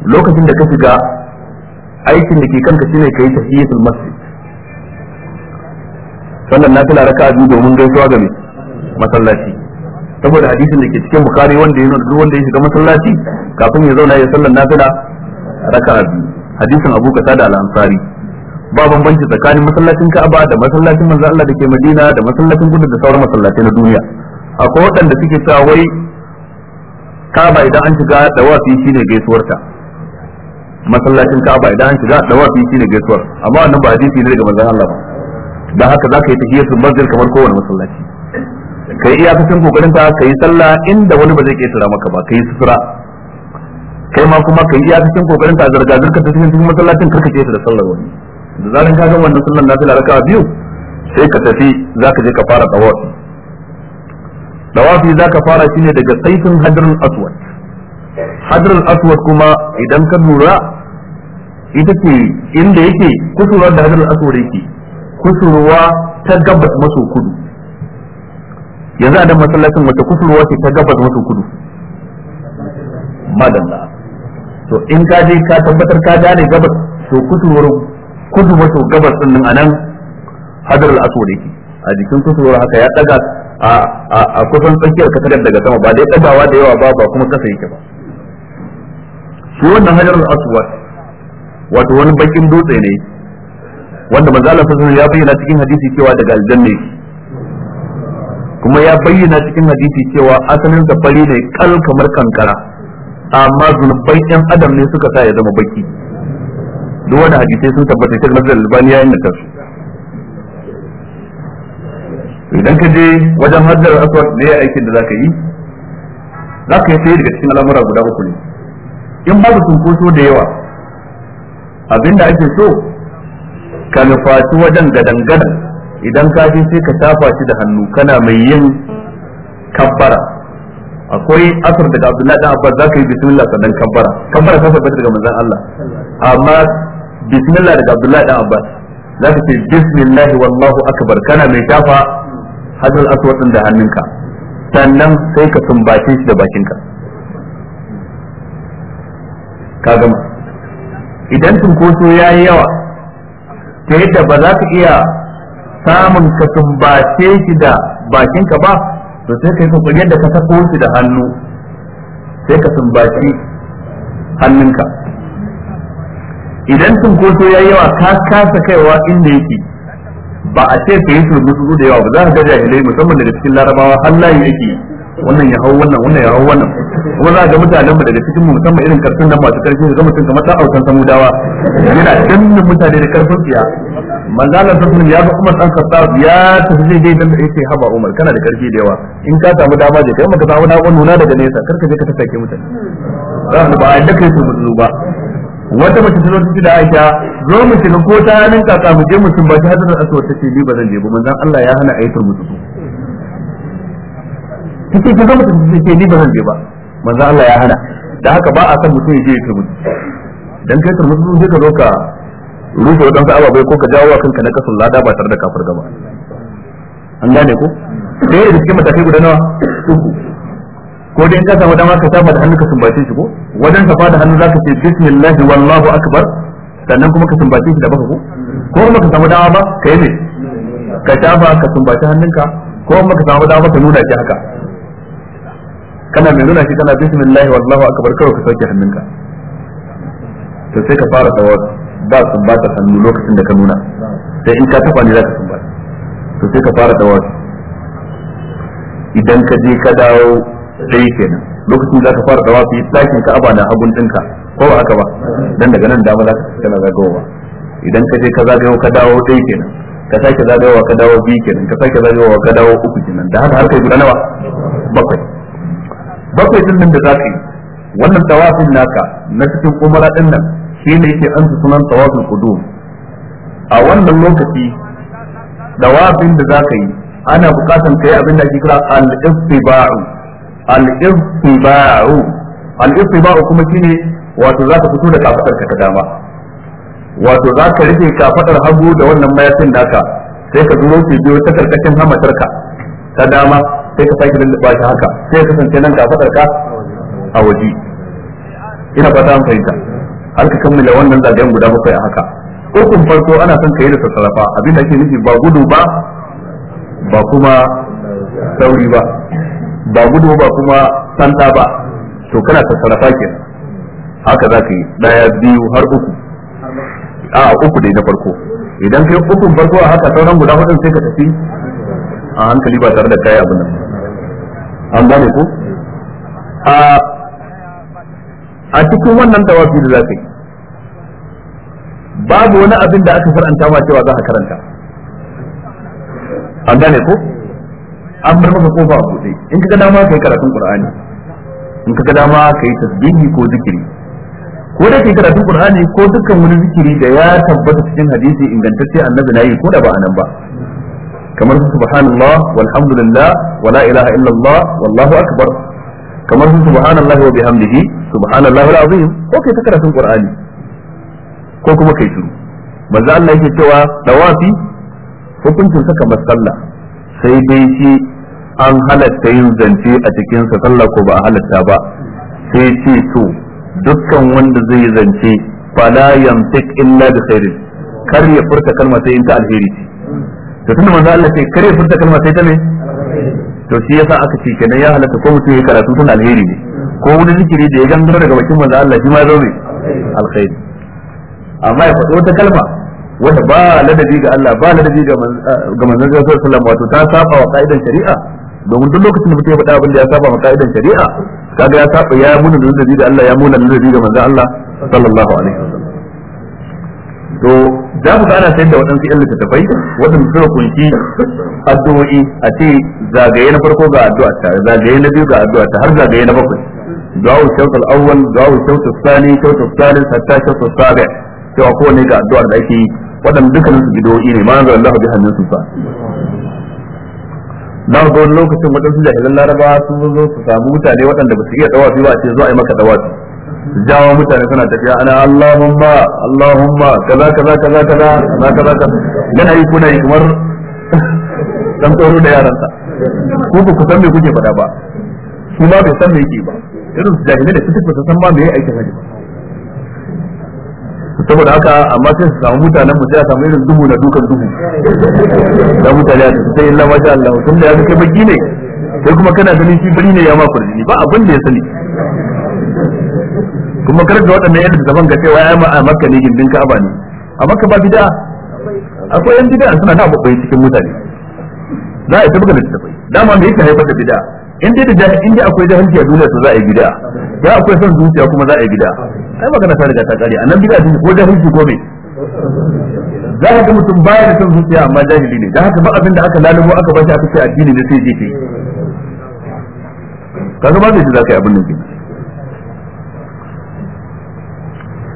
lokacin da ka shiga aikin da ke kanka shine kai tahiyatul masjid sannan na tilara ka ji domin gaisuwa ga mai masallaci saboda hadisin da ke cikin bukari wanda ya duk wanda ya shiga masallaci kafin ya zauna ya sallar nafila raka'a biyu hadisin abu da al-ansari ba bambanci tsakanin masallacin Ka'aba da masallacin manzo Allah da ke Madina da masallacin gudu da sauran masallatai na duniya akwai waɗanda suke cewa wai Ka'aba idan an shiga dawafi shine gaisuwarta masallacin Ka'aba idan an shiga dawafi shine gaisuwar amma wannan ba hadisi ne daga manzo Allah ba da haka zaka yi tahiyatul masjid kamar kowane masallaci kai iya san kokarin ka kai sallah inda wani ba zai ketara maka ba kai sutura kai ma kuma kai iya san kokarin ka zarga zarka ta cikin masallacin karka da sallar wani da zaran ka gama wannan sunan nafila raka biyu sai ka tafi zaka je ka fara tawafi tawafi zaka fara shine daga saifin hadrul aswad hadrul aswad kuma idan ka lura ita ce inda yake kusurwar da hadrul aswad yake kusurwa ta gabas maso kudu yanzu a dan masallacin wata kusurwa ce ta gabas maso kudu madalla to in ka je ka tabbatar ka gane gabas to kusurwar kudu maso gabas din nan anan hadar al-aswad yake a jikin kusurwar haka ya daga a kusan tsakiyar kasar daga sama ba dai dagawa da yawa ba ba kuma kasa yake ba shi wannan hadar al-aswad wato wani bakin dutse ne wanda manzo Allah sallallahu ya bayyana cikin hadisi cewa daga aljanna kuma ya bayyana cikin hadisi cewa asalin da fari ne kal kamar kankara amma zunubai ɗan adam ne suka sa ya zama baki duk wani hadisai sun tabbata shi Nasir Albani ya inganta su idan ka je wajen haddar aswad da ya aikin da zaka yi zaka yi sai daga cikin al'amura guda uku ne in babu cunkoso da yawa abinda ake so ka nufaci wajen gadangadan idan ka je sai ka tafa shi da hannu kana mai yin kabbara akwai asar daga abdullahi dan abbas zaka yi bismillah sannan kabbara kabbara ta tabbata daga manzon Allah amma bismillah daga abdullahi da abbas za ka ce bismillah wallahu akbar kana mai shafa. hajar aswad da hannunka sannan sai ka sumbace shi da bakinka ka gama idan cunkoso ya yi yawa ta yadda ba za ka iya samun ka sumbace shi da bakinka ba to sai ka yi kokari yadda ka sako shi da hannu sai ka sumbace hannunka idan cunkoso ya yawa ka kasa kaiwa inda yake ba a ce ka yi turmutu da yawa ba za ka ga jahilai musamman daga cikin larabawa Allah ya yake wannan ya hau wannan wannan ya hau wannan kuma za ka ga mutanen mu daga cikin mu musamman irin karfin nan masu karfi ga mutum kamar ta autan samudawa yana danna mutane da karfin siya manzalar sassan ya ga Umar ɗan Khattab ya tafi zai dai dan yace haba Umar kana da karfi da yawa in ka samu dama je kai maka samu dama nuna daga nesa karka je ka take mutane za ba a yadda kai turmutu ba wata mace ta lokaci da Aisha zo mu shiga ko ta halin kaka mu je mu sumbaci hadarin aswad ce ni ba zan je ba manzon Allah ya hana ayatul musu take ki zo mu tace ni ba zan je ba manzon Allah ya hana da haka ba a san mutum ya je ya turmutu dan kai turmutu je ka zo ka rufe wadansu ababai ko ka jawo kanka na kasan lada ba tare da kafir gaba an gane ko sai da cikin matakai guda nawa uku ko dai in ka samu dama ka saba da hannu ka sumbace shi ko wajen safa da hannu zaka ce bismillah wallahu akbar sannan kuma ka sumbace shi da baka ko ko kuma ka samu dama ba kai ne ka shafa ka sumbace hannunka ko kuma ka samu dama ka nuna shi haka kana mai nuna shi kana bismillah wallahu akbar kawai ka sauke hannunka to sai ka fara tawaf ba sumbata hannu lokacin da ka nuna sai in ka tafa ne ka sumbata to sai ka fara tawaf idan ka je ka dawo sai kenan lokacin da ka fara dawa fi ka aba na hagun dinka ko ba haka ba dan daga nan dama za ka kana zagawa idan ka je ka zagayo ka dawo dai kenan ka sake zagayowa ka dawo biyu kenan ka sake zagayowa ka dawo uku kenan da haka har kai guda nawa bakwai bakwai din nan da za ka yi wannan tawafin naka na cikin umara din nan shi ne yake an sunan tawafin kudu a wannan lokaci tawafin da za ka yi ana bukatan kai abin da ake kira al-istiba'u al istibaru al istibaru kuma shine wato zaka fito da kafadar ka dama wato zaka rike kafadar hagu da wannan mayafin naka sai ka duro ki biyo ta karkashin hamatar ka ta dama sai ka sake lallaba shi haka sai ka kasance nan kafadar ka a waje ina fata an fahimta har ka kammala wannan zagayen guda bakwai a haka ukun farko ana son ka yi da sassarafa abin ake nufi ba gudu ba ba kuma sauri ba ba gudu ba kuma santa ba to kana sarrafa kenan haka za ka yi daya biyu har uku a uku dai na farko idan kai uku farko a haka sauran guda hudun sai ka tafi a hankali ba tare da kai abin nan an gane ko a a cikin wannan tawafi da za ka yi babu wani abin da aka faranta ma cewa za ka karanta an gane ko an bar maka kofa a buɗe in kaga dama kai karatun qur'ani in kaga dama kai tasbihi ko zikiri ko da kai karatun qur'ani ko dukkan wani zikiri da ya tabbata cikin hadisi ingantacce annabi nayi ko da ba anan ba kamar subhanallah walhamdulillah wala ilaha illallah wallahu akbar kamar subhanallah wa bihamdihi subhanallah alazim ko kai ta karatun qur'ani ko kuma kai shiru manzo Allah yake cewa dawafi hukuncin saka masalla sai dai shi an halatta yin zance a cikin sa sallah ko ba a halatta ba sai ce to dukkan wanda zai zance fala yamtik illa bi khairin kar ya furta kalma sai in ta alheri ce to tunda manzo Allah sai kar ya furta kalma sai ta ne to shi yasa aka ce kenan ya halatta ko mutum ya karatu tun alheri ne ko wani zikiri da ya gangara daga bakin manzo Allah shi ma zo ne alkhairi amma ya faɗo wata kalma wanda ba ladabi ga Allah ba ladabi ga ah, manzon Allah sallallahu wato ta saba wa kaidan shari'a domin duk lokacin da mutum ya faɗa abin da ya saba wa kaidan shari'a kaga ya saba ya muna ladabi ga Allah ya muna ladabi ga manzon Allah sallallahu alaihi wasallam to za mu ana sayar da waɗansu ƴan littattafai waɗanda suka kunshi addu'o'i a ce zagaye na farko ga addu'a ta zagaye na biyu ga addu'a ta har zagaye na bakwai du'a shawt al-awwal du'a shawt al-thani shawt al-thalith hatta shawt al-sabi' ga addu'ar da waɗanda dukkanin su bidoyi ne ma'azar Allah bi hannun su sa na zo lokacin waɗansu jahilan laraba sun zo su samu mutane waɗanda ba su iya dawafi ba a ce zo a yi maka dawafi jawo mutane suna tafiya ana Allahumma Allahumma kaza kaza kaza kaza kaza kaza kaza yana yi kuna yi kamar [laughs] dan tsoro da yaransa ko ku san me kuke faɗa ba shi ma bai san me yake ba irin su jahilai da su tafi san ma me yake aikin haji ba saboda haka amma sai su samu mutanen mu sai a samu irin duhu na dukan duhu da mutane a cikin sai illa masha Allah tun da ya kai baki ne sai kuma kana ganin shi bari ne ya ma kurjini ba abin da ya sani kuma kar da waɗannan yadda daban ga cewa ya ma a makka ne gindin ka'aba ne a makka ba bid'a akwai yan bid'a suna da babbai cikin mutane za a yi tabbata da tabbai dama me yake haifar da bid'a in dai da in dai akwai jahilci a duniya to za a yi bid'a ya akwai son zuciya kuma za a yi bid'a kai magana ta riga ta kare a nan bid'a din ko jahilci ko me za ka ga mutum baya da son zuciya amma jahili ne da haka ba abin da aka lalubo aka bashi aka ce addini ne sai je kaga ba zai ji za ka yi abin nan kenan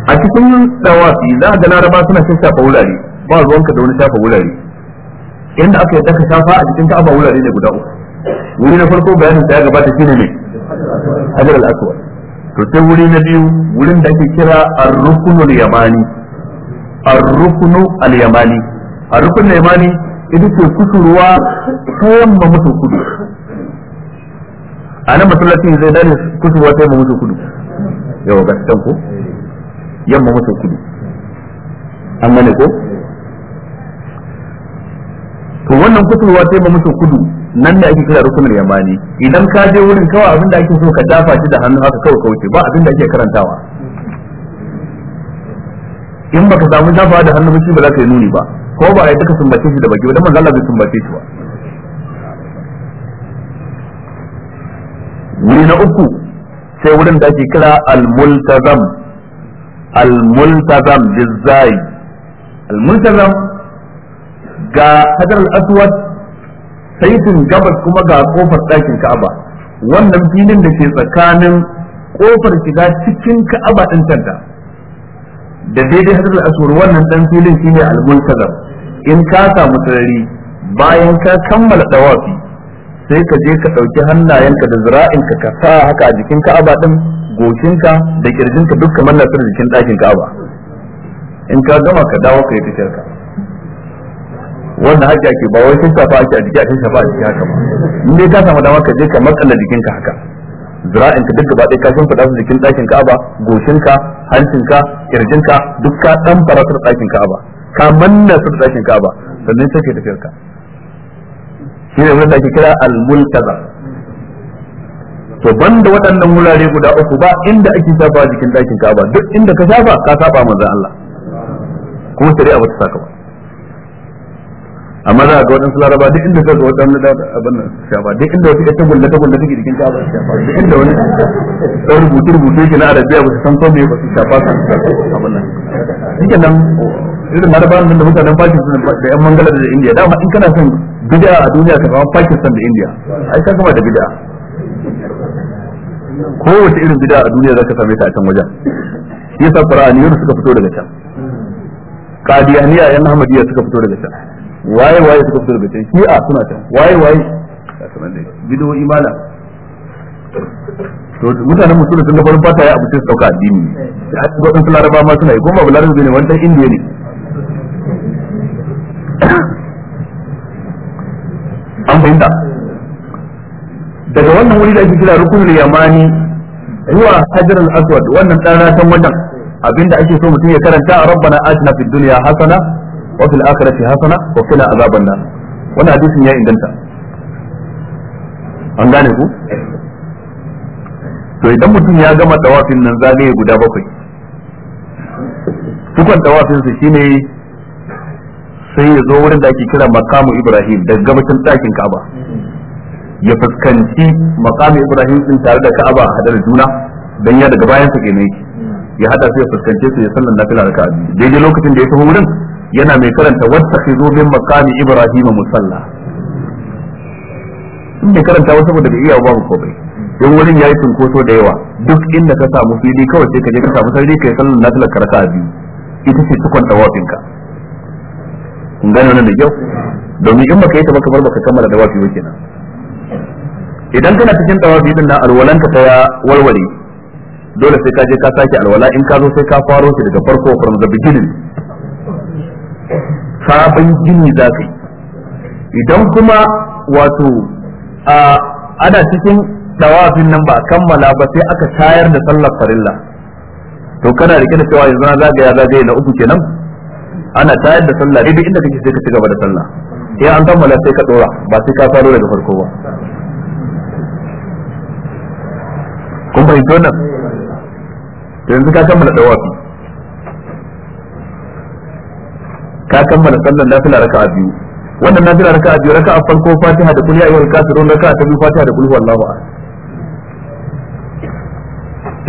a cikin dawafi za a ga laraba suna shafa wurare ba ruwanka da wani shafa wurare inda aka yadda ka shafa a cikin ka'aba wurare ne guda uku wuri na farko bayanin da ya gabata shine ne hajar al-aswad to sai wuri na biyu wurin da ake kira ar-rukunul yamani ar-rukunu al-yamani ar-rukun yamani idan ke kusurwa ko yamma mutu kudu a masallaci zai dane kusurwa ta yamma mutu kudu yawa ga ko yamma mutu kudu amma ne ko to wannan kusurwa sai ba musu kudu nan da ake kira rukunin yamani idan ka je wurin kawai abin da ake so ka dafa shi da hannu haka kawai kauce ba abin da ake karantawa in baka samu dafa da hannu ba shi ba za ka yi nuni ba ko ba ya duka sumbace shi da baki ba dan manzo Allah bai sumbace shi ba wuri na uku sai wurin da ake kira al-multazam al-multazam bizai al-multazam ga hajar al-aswad saitin gabas kuma ga kofar ɗakin ka'aba wannan filin da ke tsakanin kofar shiga cikin ka'aba ɗin kanta da daidai hajar aswad wannan ɗan filin shine al in ka samu sarari bayan ka kammala dawafi sai ka je ka ɗauki hannayenka da zira'inka ka sa haka a jikin ka'aba ɗin, goshinka da kirjinka duk kamar na jikin ɗakin ka'aba in ka gama ka dawo ka yi tafiyarka wannan haƙƙi ake ba wai shafa ake a jiki a shafa a jiki haka ba in dai ka samu dama ka je ka matsala jikinka haka zira'in ka duk gaba ɗaya ka faɗa su jikin ɗakin ka'aba goshin ka hancin ka kirjin ka duk ka dan su ɗakin ka'aba ka manna su ɗakin ka'aba sannan sai ka tafiyar ka shi ne wanda ake kira al-multaza to banda waɗannan wurare guda uku ba inda ake shafa jikin ɗakin ka'aba duk inda ka shafa ka saba manzon Allah kuma shari'a ba ta saka ba amma za a ga waɗansu laraba duk inda ka ga waɗansu da abin nan shafa duk inda wata ita gulle ta gulle take jikin kaba shafa duk inda wani ɗan rubutu rubutu yake na arabiya ba su san ko me ba su shafa su abin nan shike nan irin laraba nan da mutanen pakistan da yan mangala da India, dama in kana son bid'a a duniya ka kama pakistan da india ai ka gama da bid'a kowace irin bid'a a duniya za ka same ta a can wajen shi yasa qur'ani yadda suka fito daga can qadiyaniya yan ahmadiyya suka fito daga can waye waye suka fito daga can shi'a suna can waye waye Ya sanar da bido imana. to mutanen musu da sun gabar fata ya abu sai su dauka addini ne da aka ga sun laraba ma suna yi kuma ba laraba ne wani ɗan indiya ne an fahimta daga wannan wuri da ake kira rukunul yamani zuwa hajar al-aswad wannan dan ratan wannan abinda ake so mutum ya karanta a rabbana atina fid dunya hasana wa fil akhirati hasana wa qina azaban nar wannan hadisin ya inganta an gane ku to idan mutum ya gama tawafin nan zagaye guda bakwai dukan tawafin su shine sai ya zo wurin da ake kira makamu ibrahim daga gabacin ɗakin ka'aba ya fuskanci makamu ibrahim din tare da ka'aba a hadar juna dan ya daga bayan sa kenan ya hada sai ya fuskance su ya sallan nafila ka'abi daidai lokacin da ya taho wurin yana mai karanta wattakhidhu min maqami Ibrahim musalla in bai karanta wasu saboda bai iya babu ko Don in ya yi tunkoso da yawa duk inda ka samu fili kawai sai ka je ka samu sarri kai sallar nafilar karaka a biyu ita ce tukun tawafin ka kun gane wannan da kyau domin in baka yi ta ba kamar baka kammala da wafi kenan idan kana cikin tawafi din nan alwalanka ta ya warware dole sai ka je ka sake alwala in ka zo sai ka faro shi daga farko from the beginning sabon gini za ka yi idan kuma wato ana cikin dawafin nan ba kammala ba sai aka tayar da sallar farilla to kana rike da cewa yanzu na zagaya zagaya na uku kenan ana tayar da sallah daidai inda kake sai ka ci gaba da sallah sai an kammala sai ka dora ba sai ka faro daga farko ba kun fahimci wannan yanzu ka kammala dawafi ka kammala sallan nafila a biyu wannan nafila a biyu a farko fatiha da kul ya ayyuhal kafirun raka'a ta biyu fatiha da kulhu Allahu. ahad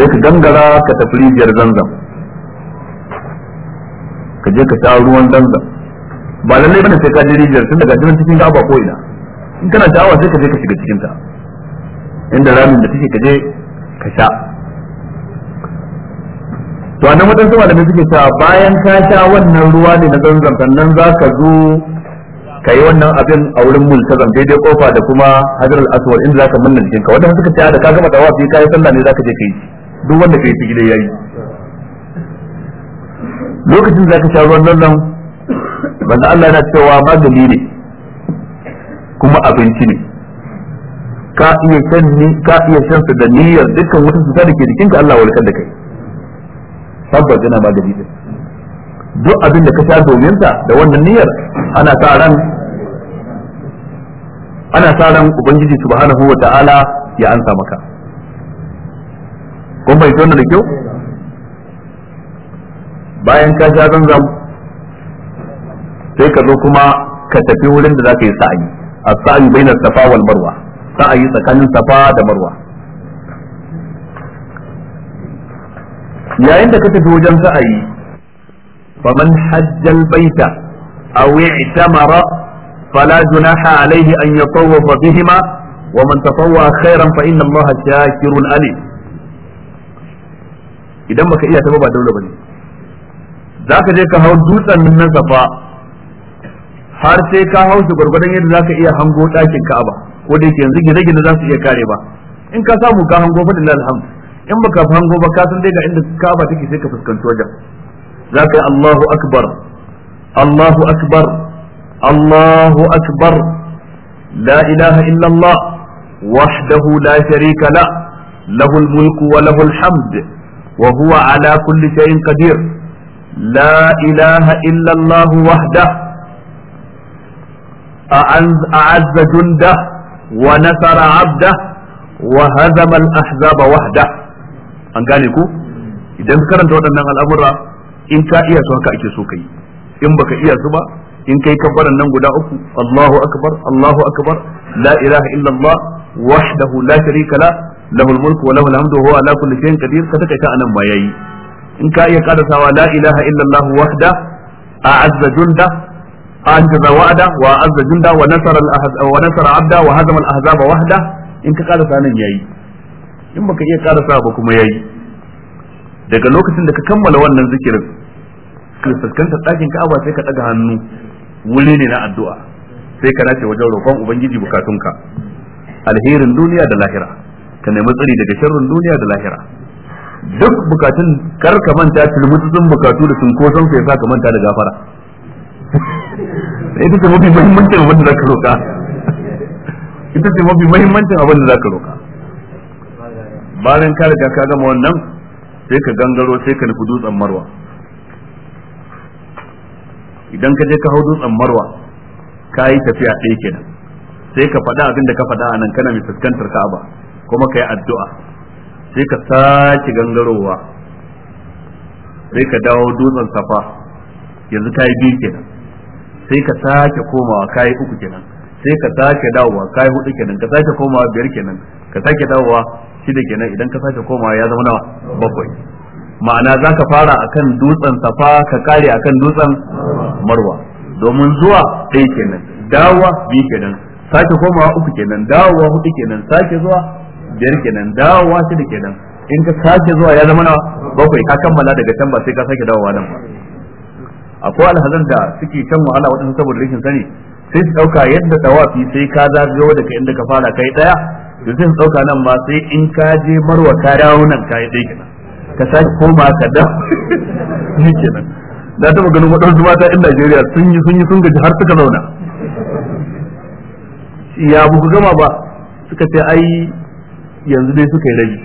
sai ka gangara ka tafi rijiyar zanzam ka je ka sha ruwan zanzam ba lallai bane sai ka je rijiyar tun daga jinan cikin gaba ko ina in kana sha'awa sai ka je ka shiga cikin ta inda ramin da take ka je ka sha to annan waɗansu malamai suke cewa bayan ka sha wannan ruwa ne na zanzan sannan za ka zo ka yi wannan abin a wurin multazam daidai kofa da kuma hajar al'aswar inda za ka manna jikinka wanda suka cewa da ka gama tawafi ka yi sallah ne za ka je ka yi duk wanda ka yi su gida ya yi lokacin za ka sha ruwan nan nan banda Allah yana cewa magani ne kuma abinci ne ka iya shan ka iya shan su da niyyar dukkan wata cuta da ke jikinka Allah warkar da kai tabbas yana magani din duk abin da ka sha domin sa da wannan niyyar ana sa ran ana sa ran ubangiji subhanahu wa ta'ala ya ansa maka kun bai wannan da kyau bayan ka sha zanzam sai ka zo kuma ka tafi wurin da za ka yi sa'ayi a sai bainar safa wal marwa sa'ayi tsakanin safa da marwa yayin da ka tafi wajen sa'ayi faman hajjal baita aw i'tamara fala junaha alayhi an yatawwafa bihima wa man tatawwa khairan fa inna allaha shakirun ali idan baka iya ta ba dole bane zaka je ka hau dutsen nan safa har sai ka hau shi gwargwadon yadda zaka iya hango ɗakin Ka'aba ko da yake yanzu gine-gine za su iya kare ba in ka samu ka hango fa lillahi alhamdu in baka hango ba ka san dai ga inda Ka'aba take sai ka fuskanci wajen zaka yi Allahu akbar Allahu akbar Allahu akbar la ilaha illallah wahdahu la sharika la lahu al-mulku wa lahu al-hamd wa huwa ala kulli shay'in qadir la ilaha illa Allah wahdahu أعز جنده ونصر عبده وهزم الأحزاب وحده an gane ku idan ka karanta waɗannan al'amura in ka iya su haka ake so kai in baka iya su ba in kai kabbaran nan guda uku Allahu akbar Allahu akbar la ilaha illa Allah wahdahu la sharika la lahu mulku wa lahu al-hamdu huwa ala kulli shay'in qadir ka take ta anan ma yayi in ka iya karasawa la ilaha illa Allah wahda a'azza junda أنجز وعدا وأعز جندا ونصر الأهز... ونصر عبدا وهزم الأحزاب وحده إن كقال ثاني يأي in baka iya karasa ba kuma yayi daga lokacin da ka kammala wannan zikirin ka kanta ɗakin ka'aba sai ka ɗaga hannu wuri ne na addu'a sai ka nace wajen roƙon ubangiji bukatunka alherin duniya da lahira ka nemi tsari daga sharrin duniya da lahira duk bukatun kar ka manta tilmutsun bukatu da sunkoson sai sa ka manta da gafara [laughs] ita ce mafi muhimmancin abin da zaka roka. [laughs] ita ce mafi muhimmancin abin da zaka roƙa bayan ka riga ka gama wannan sai ka gangaro sai ka nufi dutsen marwa idan ka je ka hau dutsen marwa ka yi tafiya ɗaya kenan sai ka faɗa abin da ka faɗa a nan kana mai fuskantar ba kuma ka yi addu'a sai ka sake gangarowa sai ka dawo dutsen safa yanzu ka yi biyu kenan sai ka sake komawa ka yi uku kenan sai ka sake dawowa ka yi hudu kenan ka sake komawa biyar kenan ka sake dawowa da kenan idan ka sake komawa ya zama nawa bakwai ma'ana za ka fara akan dutsen safa ka kare akan dutsen marwa domin zuwa ɗaya kenan dawowa biyu kenan sake komawa uku kenan dawowa hudu kenan sake zuwa biyar kenan dawowa shida kenan in ka sake zuwa ya zama nawa bakwai ka kammala daga can ba sai ka sake dawowa nan ba akwai alhazan da suke can wahala waɗansu saboda rashin sani sai su ɗauka yadda tawafi sai ka zagayo daga inda ka fara kai ɗaya yanzu zai dauka nan ma sai in ka je marwa ka dawo nan ka yi dai ka sake koma ka da [laughs] ni kenan da ta ganin waɗansu mata in Najeriya sun yi sun yi sun gaji har suka zauna ya ku gama ba suka ce ai yanzu dai suka yi rabi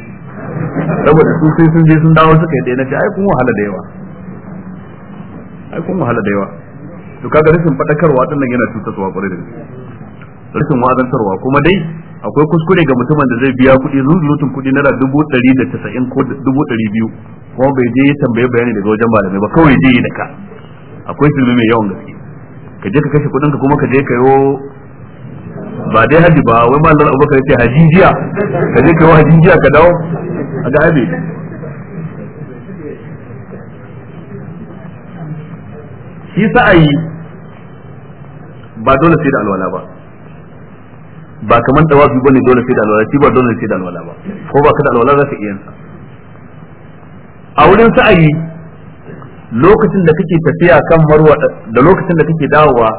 saboda su sai sun je sun dawo suka yi dai na ce ai kun wahala da yawa ai kun wahala da yawa to kaga rashin fadakarwa din nan yana cutarwa kwarai da gaske rashin wazantarwa kuma dai akwai kuskure ga mutumin da zai biya kuɗi lutun kuɗi naira dubu ɗari da tasa'in ko dubu ɗari biyu kuma bai je ya tambaye bayani daga wajen malamai ba kawai je yi da ka akwai filmi mai yawan gaske ka je ka kashe kuɗinka kuma ka je ka yi. ba dai haji ba wai malar abubakar ya ce hajijiya ka je ka yo hajijiya ka dawo a ga abe shi sa'ayi ba dole sai da alwala ba ba kamar tawafi bane dole sai da alwala shi ba dole sai da alwala ba ko ba ka da alwala za ka iya sa a wurin sa'ayi lokacin da kake tafiya kan marwa da lokacin da kake dawowa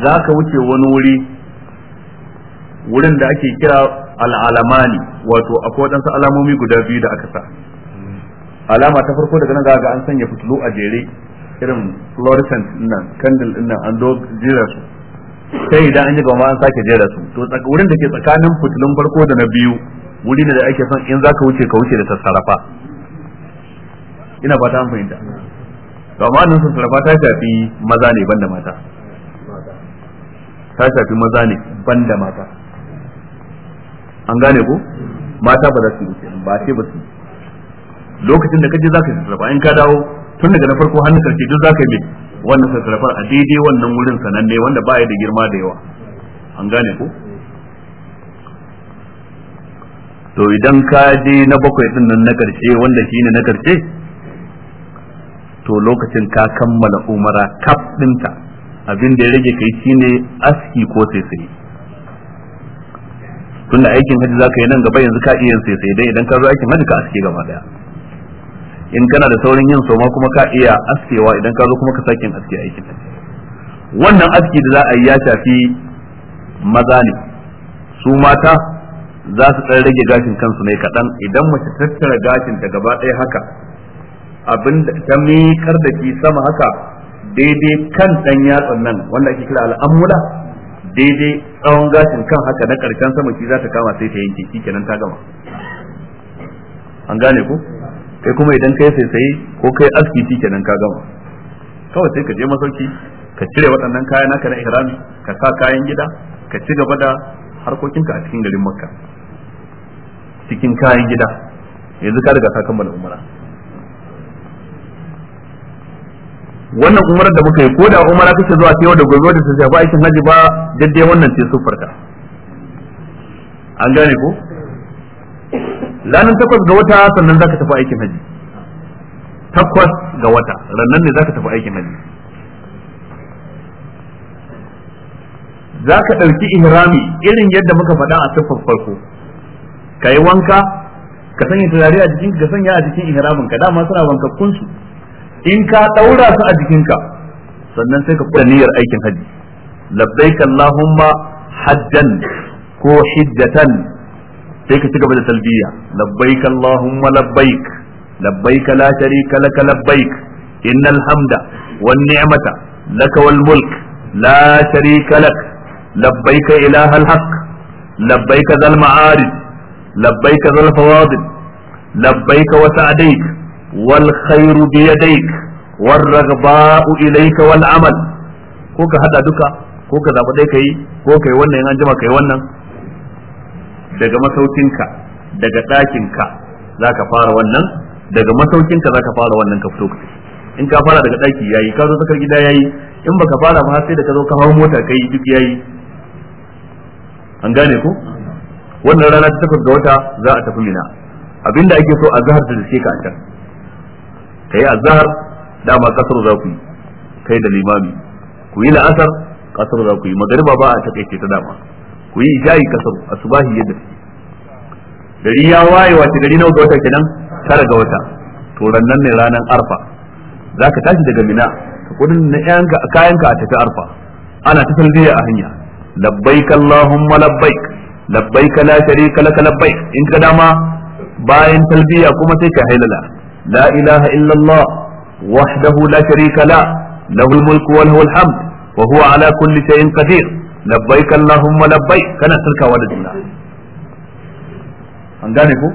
za ka wuce wani wuri wurin da ake kira al'alamani wato akwai waɗansu alamomi guda biyu da aka sa alama ta farko daga nan ga an sanya fitilu a jere irin fluorescent nan candle nan an do jira su sai idan an yi gama an sake jera su to wurin da ke tsakanin fitilun farko da na biyu wuri ne da ake son in zaka wuce ka wuce da sassarafa ina fata an fahimta to amma nan sassarafa ta shafi maza ne banda mata ta shafi maza ne banda mata an gane ko mata ba za su wuce ba ce ba su lokacin da kaje zaka sassarafa in ka dawo tun daga na farko hannun karshe duk zaka yi wannan sassarfar a daidai wannan wurin sananne wanda baya da girma da yawa an gane ko to idan ka je na bakwai din nan na karshe wanda shine na karshe to lokacin ka kammala umara kaf dinta abin da ya rage kai shine aski ko sai tunda aikin hajji zaka yi nan gaba yanzu ka iya sai sai dai idan ka zo aikin hajji ka aske gaba daya in kana da saurin yin soma kuma ka iya askewa idan ka zo kuma ka sake aske aikin wannan aski da za a yi ya shafi maza ne su mata za su ɗan rage gashin kansu ne kaɗan idan mace tattara gashin da gaba ɗaya haka abin da ta miƙar da shi sama haka daidai kan ɗan yatsan nan wanda ake kira al'amula daidai tsawon gashin kan haka na ƙarshen sama shi za ta kama sai ta yanke shi kenan ta gama an gane ku kai kuma idan kai sai sai ko kai aski shi kenan ka gama kawai sai ka je masauki ka cire waɗannan kayan naka na ihrami ka sa kayan gida ka ci gaba da harkokinka a cikin garin makka cikin kayan gida yanzu ka riga ka kammala umara wannan umarar da muka yi ko da umara kace zuwa ta yau da gobe da ta shafi aikin haji ba daddai wannan ce sufar an gane ko lanin takwas ga wata sannan zaka tafi aikin haji takwas ga wata rannan ne zaka tafi aikin haji zaka ɗauki ihrami irin yadda muka faɗa a siffar farko ka yi wanka ka sanya turare a jikinka ka sanya a jikin ihramin ka dama suna wankakkun su in ka ɗaura su a jikinka sannan sai ka kula niyyar aikin haji labbaik allahumma hajjan ko hijjatan sai ka ci gaba da talbiya labbaik allahumma labbaik labbaik la sharika lak labbaik innal hamda wan ni'mata lak wal mulk la sharika lak labbaik ilaha al haqq labbaik zal ma'arij labbaik zal fawadil labbaik wa sa'daik wal khairu bi yadaik wal raghba'u ilayka wal amal ko ka hada duka ko ka zaba dai kai ko kai wannan an jima kai wannan daga masaukinka daga ɗakinka za ka fara wannan daga masaukinka za ka fara wannan ka fito in ka fara daga ɗaki yayi ka zo tsakar gida yayi in baka fara ba sai da ka zo ka hawo mota kai duk yayi an gane ku wannan rana ta takwas ga wata za a tafi mina abinda ake so a zahar da ka a can kai a zahar dama kasar za ku yi kai da limami ku yi la'asar kasar za ku yi magariba ba a takaice ta dama ku yi isha'i kasar asubahi yadda suke dari ya waye wace gari nawa ga wata kenan tara ga wata to ne ranar arfa za ka tashi daga mina ka kudin na kayanka a tafi arfa ana ta talbiya a hanya labbaik allahumma labbaik labbaik la sharika laka labbaik in ka dama bayan talbiya kuma sai ka hailala la ilaha illallah wahdahu la sharika la lahu almulku wa lahu alhamd wa huwa ala kulli shay'in labbaik allahumma labbaik kana sarkawa da juna an gane ko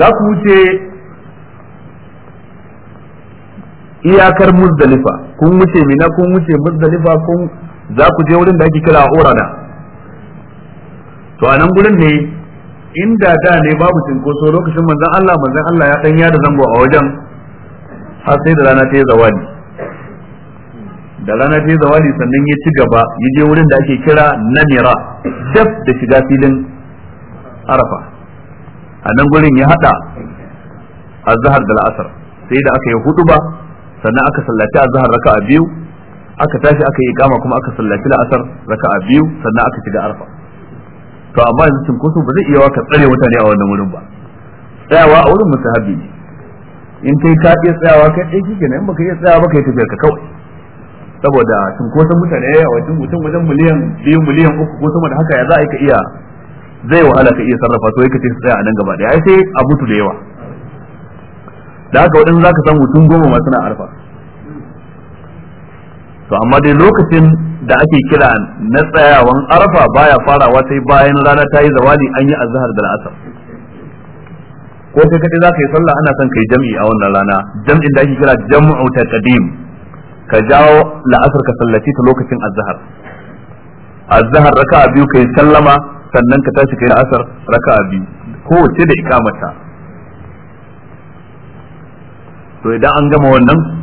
za ku wuce iyakar muzdalifa kun wuce mina kun wuce muzdalifa kun za ku je wurin da ake kira urana to a nan gurin ne inda da ne babu cinkoso lokacin manzon Allah manzon Allah ya dan yada zango a wajen har sai da rana ta yi zawadi da rana ta yi zawali sannan ya ci gaba ya je wurin da ake kira namira daf da shiga filin arafa a nan gurin ya hada azhar da la'asar sai da aka yi hudu ba sannan aka sallaci azhar a biyu aka tashi aka yi kama kuma aka sallaci la'asar a biyu sannan aka shiga arafa to amma yanzu cinkoso ba zai iya waka tsare mutane a wannan wurin ba tsayawa a wurin musahabi in kai ka iya tsayawa kai ɗaya shi kenan in baka iya tsayawa baka yi tafiyar ka kawai saboda cunkoson mutane ya yawa mutum wajen miliyan biyu miliyan uku ko sama da haka ya za a iya zai wahala ka iya sarrafa to yake su tsaya a nan gaba da ya sai a mutu da yawa da haka waɗansu za ka san mutum goma masu na arfa to amma dai lokacin da ake kira na tsayawan arfa baya farawa sai bayan rana ta yi zawali an yi azhar da la'asar ko kai kaɗai za ka yi sallah ana son ka yi jam'i a wannan rana jam'in da ake kira jam'u taqdim ka jawo la'asar ka sallaci ta lokacin Azahar azhar raka'a biyu kai sallama sannan ka tashi kai la'asar raka'a biyu kowace da ikamata to idan an gama wannan